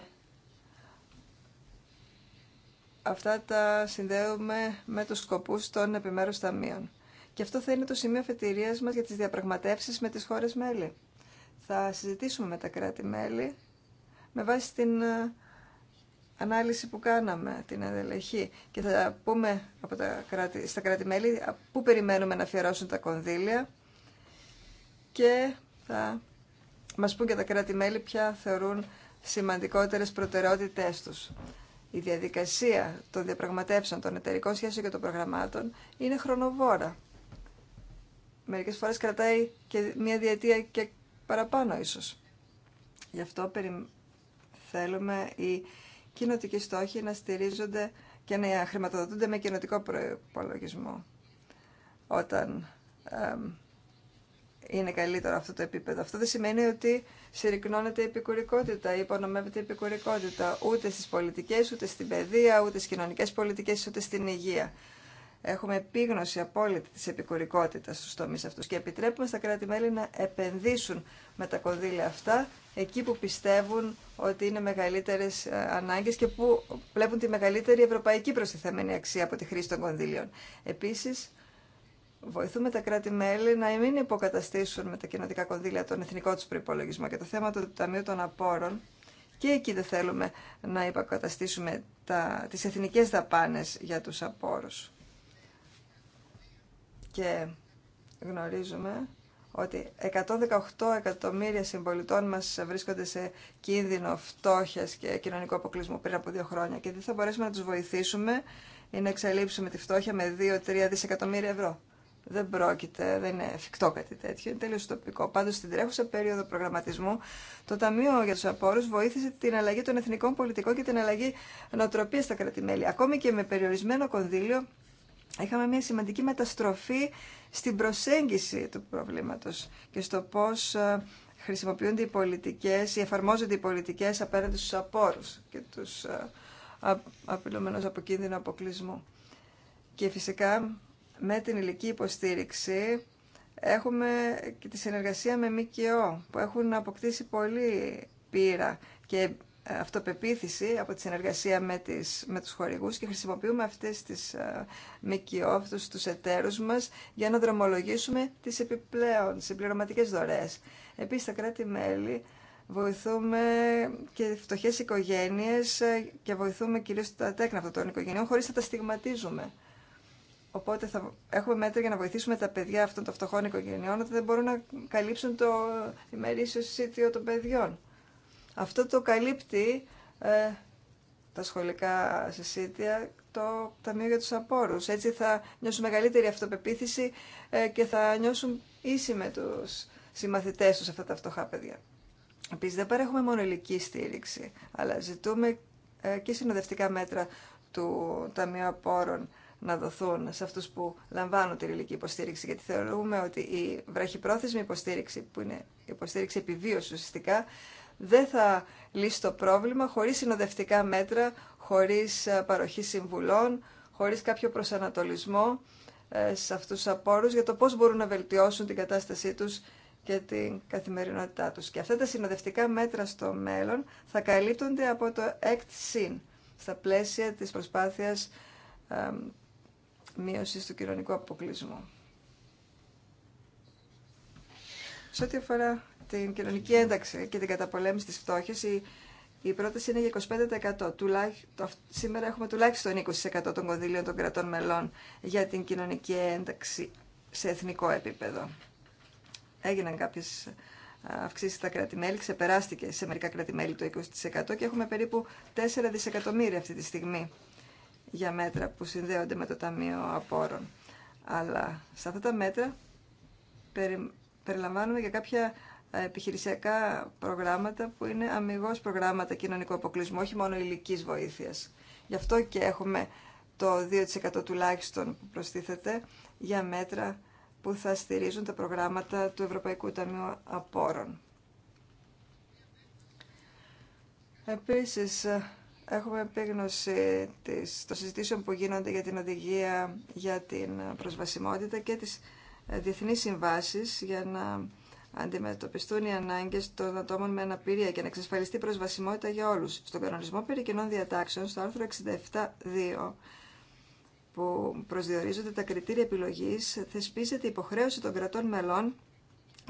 αυτά τα συνδέουμε με τους σκοπούς των επιμέρους ταμείων. Και αυτό θα είναι το σημείο αφετηρίας μας για τις διαπραγματεύσεις με τις χώρες μέλη. Θα συζητήσουμε με τα κράτη-μέλη με βάση την ε, ανάλυση που κάναμε, την ενδελεχή. Και θα πούμε από τα κράτη, στα κράτη-μέλη πού περιμένουμε να αφιερώσουν τα κονδύλια και θα μας πούν και τα κράτη-μέλη ποια θεωρούν σημαντικότερες προτεραιότητές τους. Η διαδικασία των διαπραγματεύσεων των εταιρικών σχέσεων και των προγραμμάτων είναι χρονοβόρα Μερικές φορές κρατάει και μία διετία και παραπάνω ίσως. Γι' αυτό θέλουμε οι κοινοτικοί στόχοι να στηρίζονται και να χρηματοδοτούνται με κοινοτικό προπολογισμό. Όταν είναι καλύτερο αυτό το επίπεδο. Αυτό δεν σημαίνει ότι συρρυκνώνεται η επικουρικότητα ή υπονομεύεται η επικουρικότητα ούτε στις πολιτικές, ούτε στην παιδεία, ούτε στις κοινωνικές πολιτικές, ούτε στην υγεία. Έχουμε επίγνωση απόλυτη της επικουρικότητας στους τομείς αυτούς και επιτρέπουμε στα κράτη-μέλη να επενδύσουν με τα κονδύλια αυτά εκεί που πιστεύουν ότι είναι μεγαλύτερες ε, ανάγκες και που βλέπουν τη μεγαλύτερη ευρωπαϊκή προστιθέμενη αξία από τη χρήση των κονδύλιων. Επίσης, βοηθούμε τα κράτη-μέλη να μην υποκαταστήσουν με τα κοινοτικά κονδύλια τον εθνικό τους προπολογισμό και το θέμα του Ταμείου των Απόρων και εκεί δεν θέλουμε να υποκαταστήσουμε τα, τις εθνικές για τους απόρους. Και γνωρίζουμε ότι 118 εκατομμύρια συμπολιτών μας βρίσκονται σε κίνδυνο φτώχειας και κοινωνικού αποκλεισμού πριν από δύο χρόνια και δεν θα μπορέσουμε να τους βοηθήσουμε ή να εξαλείψουμε τη φτώχεια με 2-3 δισεκατομμύρια ευρώ. Δεν πρόκειται, δεν είναι εφικτό κάτι τέτοιο, είναι τελείως τοπικό. Πάντως, στην τρέχουσα περίοδο προγραμματισμού, το Ταμείο για τους Απόρους βοήθησε την αλλαγή των εθνικών πολιτικών και την αλλαγή νοοτροπία στα κρατημέλη. Ακόμη και με περιορισμένο κονδύλιο, είχαμε μια σημαντική μεταστροφή στην προσέγγιση του προβλήματος και στο πώς ε, χρησιμοποιούνται οι πολιτικές ή εφαρμόζονται οι πολιτικές απέναντι στους απόρους και τους ε, απειλούμενους από κίνδυνο αποκλεισμού. Και φυσικά με την ηλική υποστήριξη έχουμε και τη συνεργασία με ΜΚΟ που έχουν αποκτήσει πολύ πείρα και αυτοπεποίθηση από τη συνεργασία με, τις, με τους χορηγούς και χρησιμοποιούμε αυτές τις ε, ΜΚΟ, του τους εταίρους μας για να δρομολογήσουμε τις επιπλέον, τις συμπληρωματικές δωρές. Επίσης, τα κράτη-μέλη βοηθούμε και φτωχές οικογένειες ε, και βοηθούμε κυρίως τα τέκνα αυτών των οικογενειών χωρίς να τα στιγματίζουμε. Οπότε θα έχουμε μέτρα για να βοηθήσουμε τα παιδιά αυτών των φτωχών οικογενειών ότι δεν μπορούν να καλύψουν το ημερήσιο συσίτιο των παιδιών. Αυτό το καλύπτει ε, τα σχολικά συσίτια, το Ταμείο για τους Απόρους. Έτσι θα νιώσουν μεγαλύτερη αυτοπεποίθηση ε, και θα νιώσουν ίση με τους συμμαθητές τους αυτά τα φτωχά παιδιά. Επίσης δεν παρέχουμε μόνο ηλική στήριξη, αλλά ζητούμε ε, και συνοδευτικά μέτρα του Ταμείου Απόρων να δοθούν σε αυτούς που λαμβάνουν την ηλική υποστήριξη, γιατί θεωρούμε ότι η βραχυπρόθεσμη υποστήριξη, που είναι υποστήριξη επιβίωση ουσιαστικά, δεν θα λύσει το πρόβλημα χωρίς συνοδευτικά μέτρα, χωρίς ε, παροχή συμβουλών, χωρίς κάποιο προσανατολισμό ε, σε αυτούς τους απόρους για το πώς μπορούν να βελτιώσουν την κατάστασή τους και την καθημερινότητά τους. Και αυτά τα συνοδευτικά μέτρα στο μέλλον θα καλύπτονται από το Act Sin στα πλαίσια της προσπάθειας ε, μείωσης του κοινωνικού αποκλεισμού. Σε ό,τι αφορά την κοινωνική ένταξη και την καταπολέμηση της φτώχειας, η, η πρόταση είναι για 25%. Τουλάχιστον, σήμερα έχουμε τουλάχιστον 20% των κονδύλιων των κρατών μελών για την κοινωνική ένταξη σε εθνικό επίπεδο. Έγιναν κάποιες αυξήσει στα κρατη ξεπεράστηκε σε μερικά το 20% και έχουμε περίπου 4 δισεκατομμύρια αυτή τη στιγμή για μέτρα που συνδέονται με το Ταμείο Απόρων. Αλλά σε αυτά τα μέτρα περι, περιλαμβάνουμε και κάποια ε, επιχειρησιακά προγράμματα που είναι αμυγός προγράμματα κοινωνικού αποκλεισμού, όχι μόνο ηλική βοήθειας. Γι' αυτό και έχουμε το 2% τουλάχιστον που προστίθεται για μέτρα που θα στηρίζουν τα προγράμματα του Ευρωπαϊκού Ταμείου Απόρων. Επίσης, ε, έχουμε επίγνωση των συζητήσεων που γίνονται για την οδηγία για την προσβασιμότητα και τις ε, διεθνείς συμβάσεις για να αντιμετωπιστούν οι ανάγκε των ατόμων με αναπηρία και να εξασφαλιστεί προσβασιμότητα για όλου. Στον κανονισμό περί κοινών διατάξεων, στο άρθρο 67.2, που προσδιορίζονται τα κριτήρια επιλογή, θεσπίζεται η υποχρέωση των κρατών μελών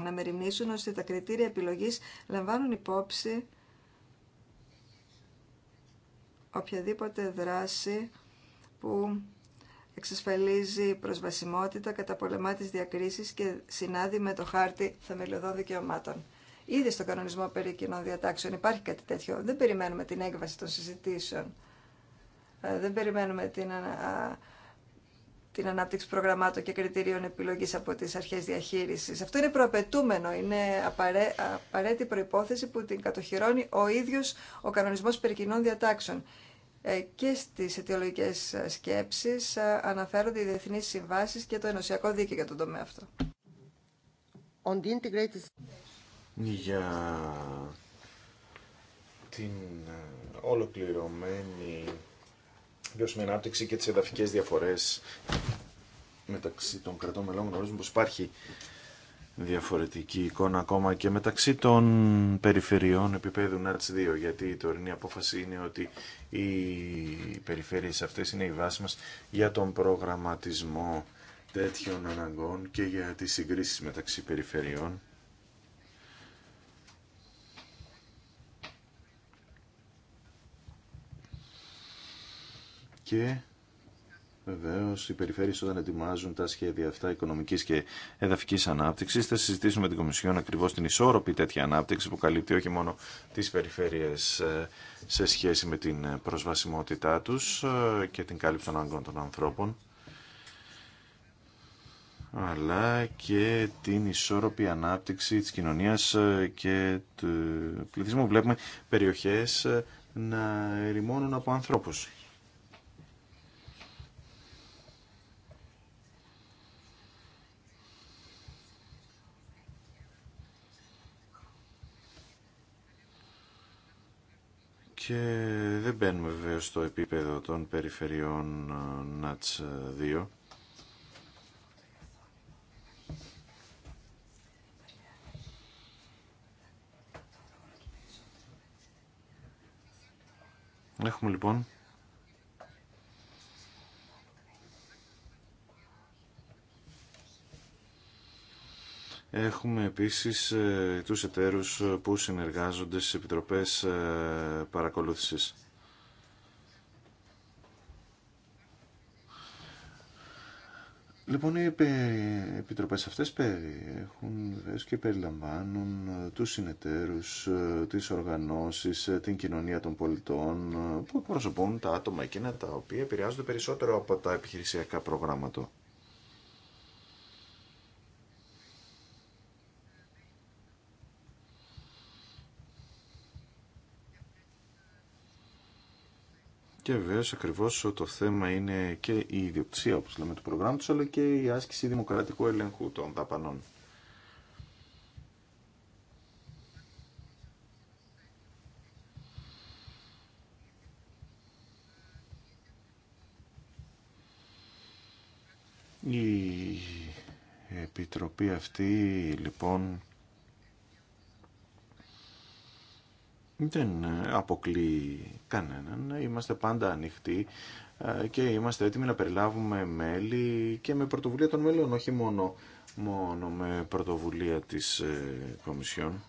να μεριμνήσουν ώστε τα κριτήρια επιλογή λαμβάνουν υπόψη οποιαδήποτε δράση που εξασφαλίζει προσβασιμότητα, κατά πολεμά τη διακρίση και συνάδει με το χάρτη θεμελιωδών δικαιωμάτων. Ήδη στον κανονισμό περί κοινών διατάξεων υπάρχει κάτι τέτοιο. Δεν περιμένουμε την έκβαση των συζητήσεων. Ε, δεν περιμένουμε την, την ανάπτυξη προγραμμάτων και κριτηρίων επιλογή από τι αρχέ διαχείριση. Αυτό είναι προαπαιτούμενο, είναι απαραίτητη προπόθεση που την κατοχυρώνει ο ίδιο ο κανονισμό περί κοινών διατάξεων. Ε, και στις αιτιολογικές σκέψεις ε, αναφέρονται οι διεθνείς συμβάσεις και το ενωσιακό δίκαιο για τον τομέα αυτό. Για την ε, ολοκληρωμένη βιώσιμη ανάπτυξη και τις εδαφικές διαφορές μεταξύ των κρατών μελών γνωρίζουμε πως υπάρχει διαφορετική εικόνα ακόμα και μεταξύ των περιφερειών επίπεδου ΝΑΤΣ 2 γιατί η τωρινή απόφαση είναι ότι οι περιφέρειες αυτές είναι η βάση μας για τον προγραμματισμό τέτοιων αναγκών και για τις συγκρίσεις μεταξύ περιφερειών. Και Βεβαίω, οι περιφέρειε όταν ετοιμάζουν τα σχέδια αυτά οικονομική και εδαφική ανάπτυξη θα συζητήσουμε με την Κομισιόν ακριβώ την ισόρροπη τέτοια ανάπτυξη που καλύπτει όχι μόνο τι περιφέρειε ε, σε σχέση με την προσβασιμότητά του ε, και την κάλυψη των άγκων των ανθρώπων, αλλά και την ισόρροπη ανάπτυξη τη κοινωνία ε, και του πληθυσμού. Βλέπουμε περιοχέ να ερημώνουν από ανθρώπου και δεν μπαίνουμε βέβαια στο επίπεδο των περιφερειών ε, ΝΑΤΣ 2. Ε, Έχουμε λοιπόν Έχουμε επίσης ε, τους εταίρους που συνεργάζονται στις επιτροπές ε, παρακολούθησης. Λοιπόν, οι επιτροπές αυτές περιέχουν και περιλαμβάνουν ε, τους συνεταίρους, τις οργανώσεις, την κοινωνία των πολιτών που προσωπούν τα άτομα εκείνα τα οποία επηρεάζονται περισσότερο από τα επιχειρησιακά προγράμματα. Και βέβαια ακριβώ το θέμα είναι και η ιδιοκτησία, όπω λέμε, του προγράμματο, αλλά και η άσκηση δημοκρατικού ελέγχου των δαπανών. Η Επιτροπή αυτή λοιπόν δεν αποκλεί κανέναν. Είμαστε πάντα ανοιχτοί ε, και είμαστε έτοιμοι να περιλάβουμε μέλη και με πρωτοβουλία των μέλων, όχι μόνο, μόνο με πρωτοβουλία της ε, Κομισιόν.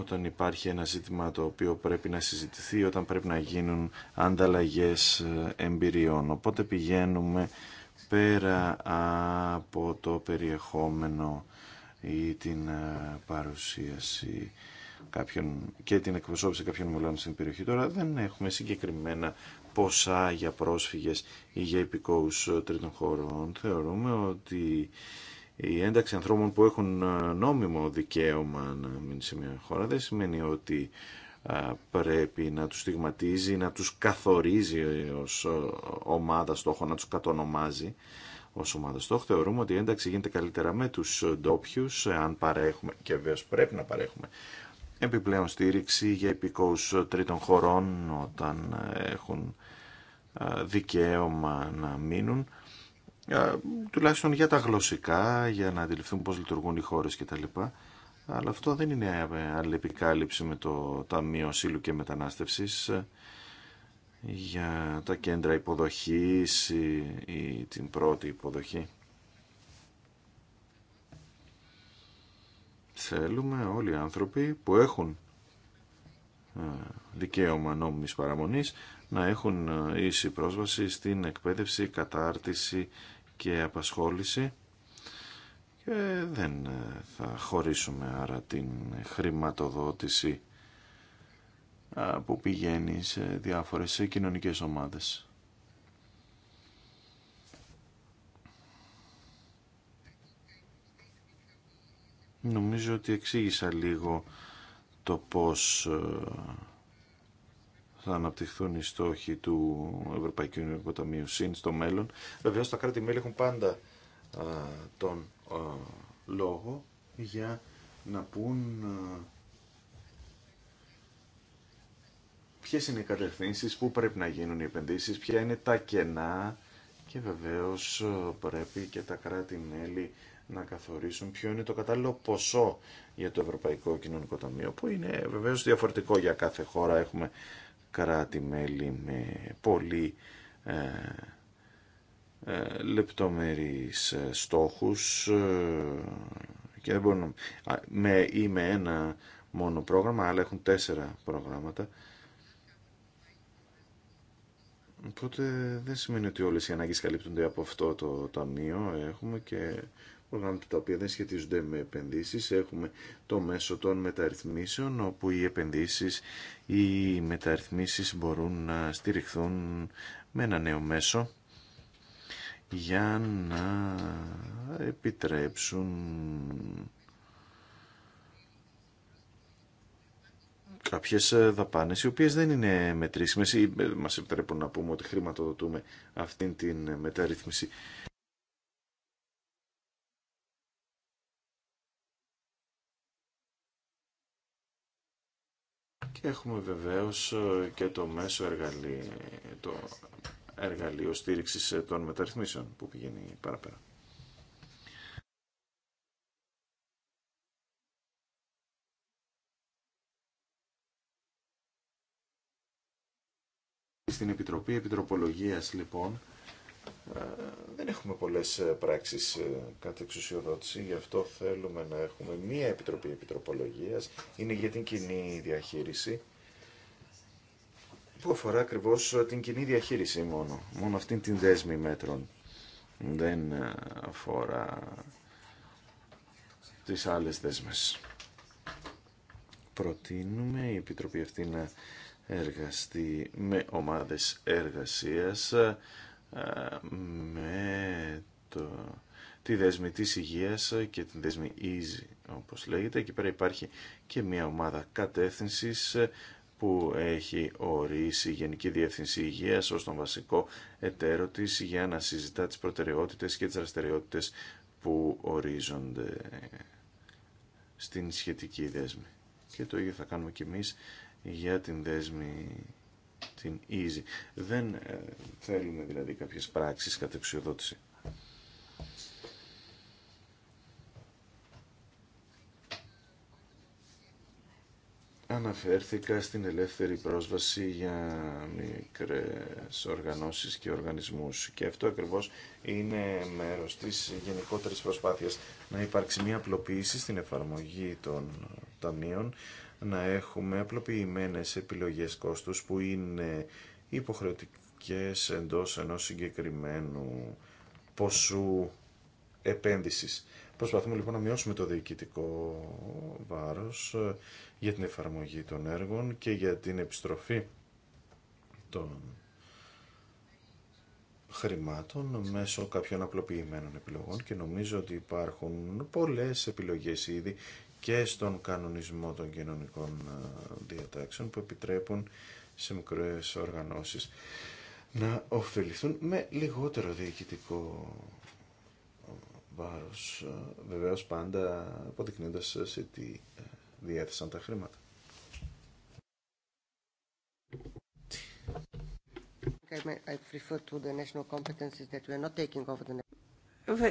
Όταν υπάρχει ένα ζήτημα το οποίο πρέπει να συζητηθεί, όταν πρέπει να γίνουν ανταλλαγές ε, εμπειριών. Οπότε πηγαίνουμε πέρα από το περιεχόμενο ή την ε, παρουσίαση κάποιων, και την εκπροσώπηση κάποιων μελών στην περιοχή. Τώρα δεν έχουμε συγκεκριμένα ποσά για πρόσφυγες ή για υπηκόους τρίτων χωρών. Θεωρούμε ότι η ένταξη ανθρώπων που έχουν ε, νόμιμο δικαίωμα να μείνουν σε μια χώρα δεν σημαίνει ότι πρέπει να τους στιγματίζει, να τους καθορίζει ως ε, ομάδα στόχο, να τους κατονομάζει ως ομάδα στόχο. Θεωρούμε ότι η ένταξη γίνεται καλύτερα με τους ντόπιου, αν παρέχουμε και βέβαια πρέπει να παρέχουμε επιπλέον στήριξη για επικούς τρίτων χωρών όταν έχουν ε, δικαίωμα να μείνουν ε, τουλάχιστον για τα γλωσσικά, για να αντιληφθούν πώς λειτουργούν οι χώρες κτλ αλλά αυτό δεν είναι ε, αλληλεπικάλυψη με το Ταμείο Σύλλου και Μετανάστευσης για τα κέντρα υποδοχής ή την πρώτη υποδοχή. Θέλουμε όλοι οι άνθρωποι που έχουν ε, δικαίωμα νόμιμης παραμονής να έχουν ε, ίση πρόσβαση στην εκπαίδευση, κατάρτιση και απασχόληση ε, δεν ε, θα χωρίσουμε άρα την χρηματοδότηση που πηγαίνει σε διάφορες σε κοινωνικές ομάδες. Νομίζω ότι εξήγησα λίγο το πώς ε, θα αναπτυχθούν οι στόχοι του Ευρωπαϊκού Ταμείου ΣΥΝ στο μέλλον. Βεβαίω τα κράτη-μέλη έχουν πάντα τον ε, λόγο για να πούν ε, ποιες είναι οι κατευθύνσεις, πού πρέπει να γίνουν οι επενδύσεις, ποια είναι τα κενά και βεβαίως ε, πρέπει και τα κράτη-μέλη να καθορίσουν ποιο είναι το κατάλληλο ποσό για το Ευρωπαϊκό Κοινωνικό Ταμείο, που είναι βεβαίως διαφορετικό για κάθε χώρα. Έχουμε κράτη-μέλη με πολύ ε, λεπτομερείς ε, στόχους ε, και με, ή με ένα μόνο πρόγραμμα, αλλά έχουν τέσσερα προγράμματα. Οπότε δεν σημαίνει ότι όλες οι ανάγκες καλύπτονται από αυτό το ταμείο. Έχουμε και προγράμματα τα οποία δεν σχετίζονται με επενδύσεις. Έχουμε το μέσο των μεταρρυθμίσεων, όπου οι επενδύσεις ή οι μεταρρυθμίσεις μπορούν να στηριχθούν με ένα νέο μέσο για να επιτρέψουν κάποιες δαπάνες οι οποίες δεν είναι μετρήσιμες ή ε, μας επιτρέπουν να πούμε ότι χρηματοδοτούμε αυτήν την μεταρρύθμιση. Και έχουμε βεβαίως ε, και το μέσο εργαλείο, το εργαλείο στήριξη ε, των μεταρρυθμίσεων που πηγαίνει παραπέρα. Στην Επιτροπή Επιτροπολογίας λοιπόν ε, δεν έχουμε πολλές ε, πράξεις κατά εξουσιοδότηση, γι' αυτό θέλουμε να έχουμε μία Επιτροπή Επιτροπολογίας, είναι για την κοινή διαχείριση που αφορά ακριβώ ε, την κοινή διαχείριση μόνο. Μόνο αυτήν την δέσμη μέτρων. Δεν ε, αφορά τις άλλες δέσμες. Προτείνουμε η Επιτροπή αυτή να εργαστεί με ομάδες εργασίας ε, με το, τη δέσμη της υγείας και την δέσμη easy όπως λέγεται. Εκεί πέρα υπάρχει και μια ομάδα κατεύθυνσης που έχει ορίσει η Γενική Διεύθυνση Υγείας ως τον βασικό εταίρο της για να συζητά τις προτεραιότητες και τις δραστηριότητες που ορίζονται στην σχετική δέσμη. Και το ίδιο θα κάνουμε κι εμείς για την δέσμη την easy. Δεν ε, θέλουμε δηλαδή κάποιες πράξεις κατεξιοδότηση. αναφέρθηκα στην ελεύθερη πρόσβαση για μικρές οργανώσεις και οργανισμούς και αυτό ακριβώς είναι μέρος της γενικότερης προσπάθειας να υπάρξει μια απλοποίηση στην εφαρμογή των ταμείων, να έχουμε απλοποιημένες επιλογές κόστους που είναι υποχρεωτικές εντός ενός συγκεκριμένου ποσού επένδυσης. Προσπαθούμε λοιπόν να μειώσουμε το διοικητικό βάρος ε, για την εφαρμογή των έργων και για την επιστροφή των χρημάτων μέσω κάποιων απλοποιημένων επιλογών και νομίζω ότι υπάρχουν πολλές επιλογές ήδη και στον κανονισμό των κοινωνικών ε, διατάξεων που επιτρέπουν σε μικρές οργανώσεις να ωφεληθούν με λιγότερο διοικητικό βάρος, ε, βεβαίως πάντα αποδεικνύοντας σε τι ε, διέθεσαν τα χρήματα.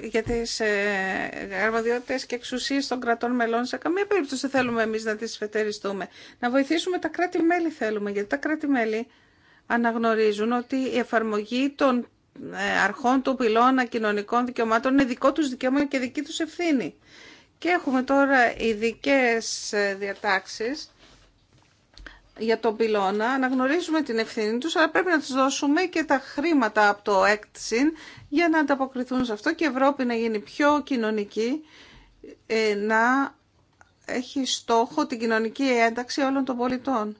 Για τις ε, αρμοδιότητε και εξουσίες των κρατών μελών σε καμία περίπτωση θέλουμε εμείς να τις φετεριστούμε. Να βοηθήσουμε τα κράτη-μέλη θέλουμε, γιατί τα κράτη-μέλη αναγνωρίζουν ότι η εφαρμογή των ε, αρχών του πυλώνα κοινωνικών δικαιωμάτων είναι δικό τους δικαίωμα και δική τους ευθύνη. Και έχουμε τώρα ειδικέ ε, διατάξεις για τον πυλώνα, γνωρίζουμε την ευθύνη τους, αλλά πρέπει να τους δώσουμε και τα χρήματα από το ΕΚΤΣΙΝ για να ανταποκριθούν σε αυτό και η Ευρώπη να γίνει πιο κοινωνική, ε, να έχει στόχο την κοινωνική ένταξη όλων των πολιτών.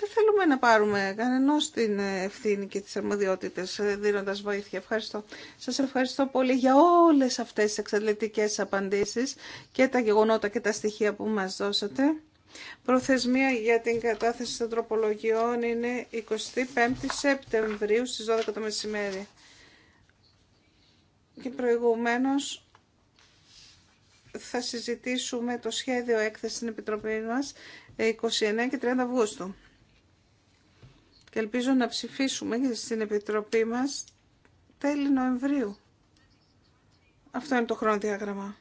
Δεν θέλουμε να πάρουμε κανένα την ευθύνη και τις αρμοδιότητες ε, δίνοντας βοήθεια. Ευχαριστώ. Σας ευχαριστώ πολύ για όλες αυτές τις εξαιρετικές απαντήσεις και τα γεγονότα και τα στοιχεία που μας δώσατε. Προθεσμία για την κατάθεση των τροπολογιών είναι 25 Σεπτεμβρίου στις 12 το μεσημέρι. Και προηγουμένως θα συζητήσουμε το σχέδιο έκθεση στην Επιτροπή μας 29 ε, και 30 Αυγούστου και ελπίζω να ψηφίσουμε στην Επιτροπή μας τέλη Νοεμβρίου. Αυτό είναι το χρονοδιάγραμμα.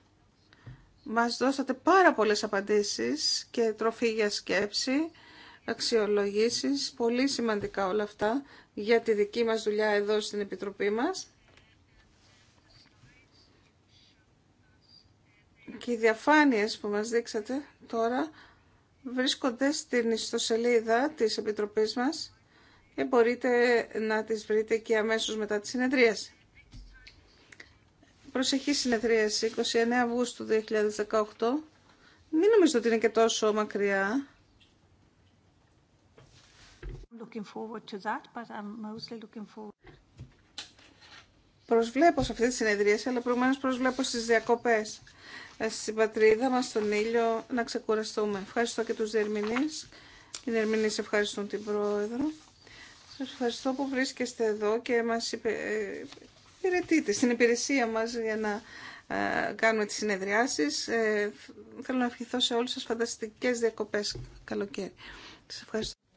Μας δώσατε πάρα πολλές απαντήσεις και τροφή για σκέψη, αξιολογήσεις, πολύ σημαντικά όλα αυτά για τη δική μας δουλειά εδώ στην Επιτροπή μας. Και οι διαφάνειες που μας δείξατε τώρα βρίσκονται στην ιστοσελίδα της Επιτροπής μας και ε, μπορείτε να τις βρείτε και αμέσως μετά τη συνεδρίαση. Προσεχή συνεδρίαση 29 Αυγούστου 2018. Μην νομίζετε ότι είναι και τόσο μακριά. Προσβλέπω σε αυτή τη συνεδρίαση, αλλά προηγουμένω προσβλέπω στι διακοπέ ε, στην πατρίδα μα στον ήλιο, να ξεκουραστούμε. Ευχαριστώ και του διερμηνείς. Οι διερμηνείς ευχαριστούν την Πρόεδρο. Σας ευχαριστώ που βρίσκεστε εδώ και μας ε, υπηρετείτε στην υπηρεσία μας για να ε, κάνουμε τις συνεδριάσεις. Ε, θέλω να ευχηθώ σε όλους σας φανταστικές διακοπές καλοκαίρι. Σας ευχαριστώ.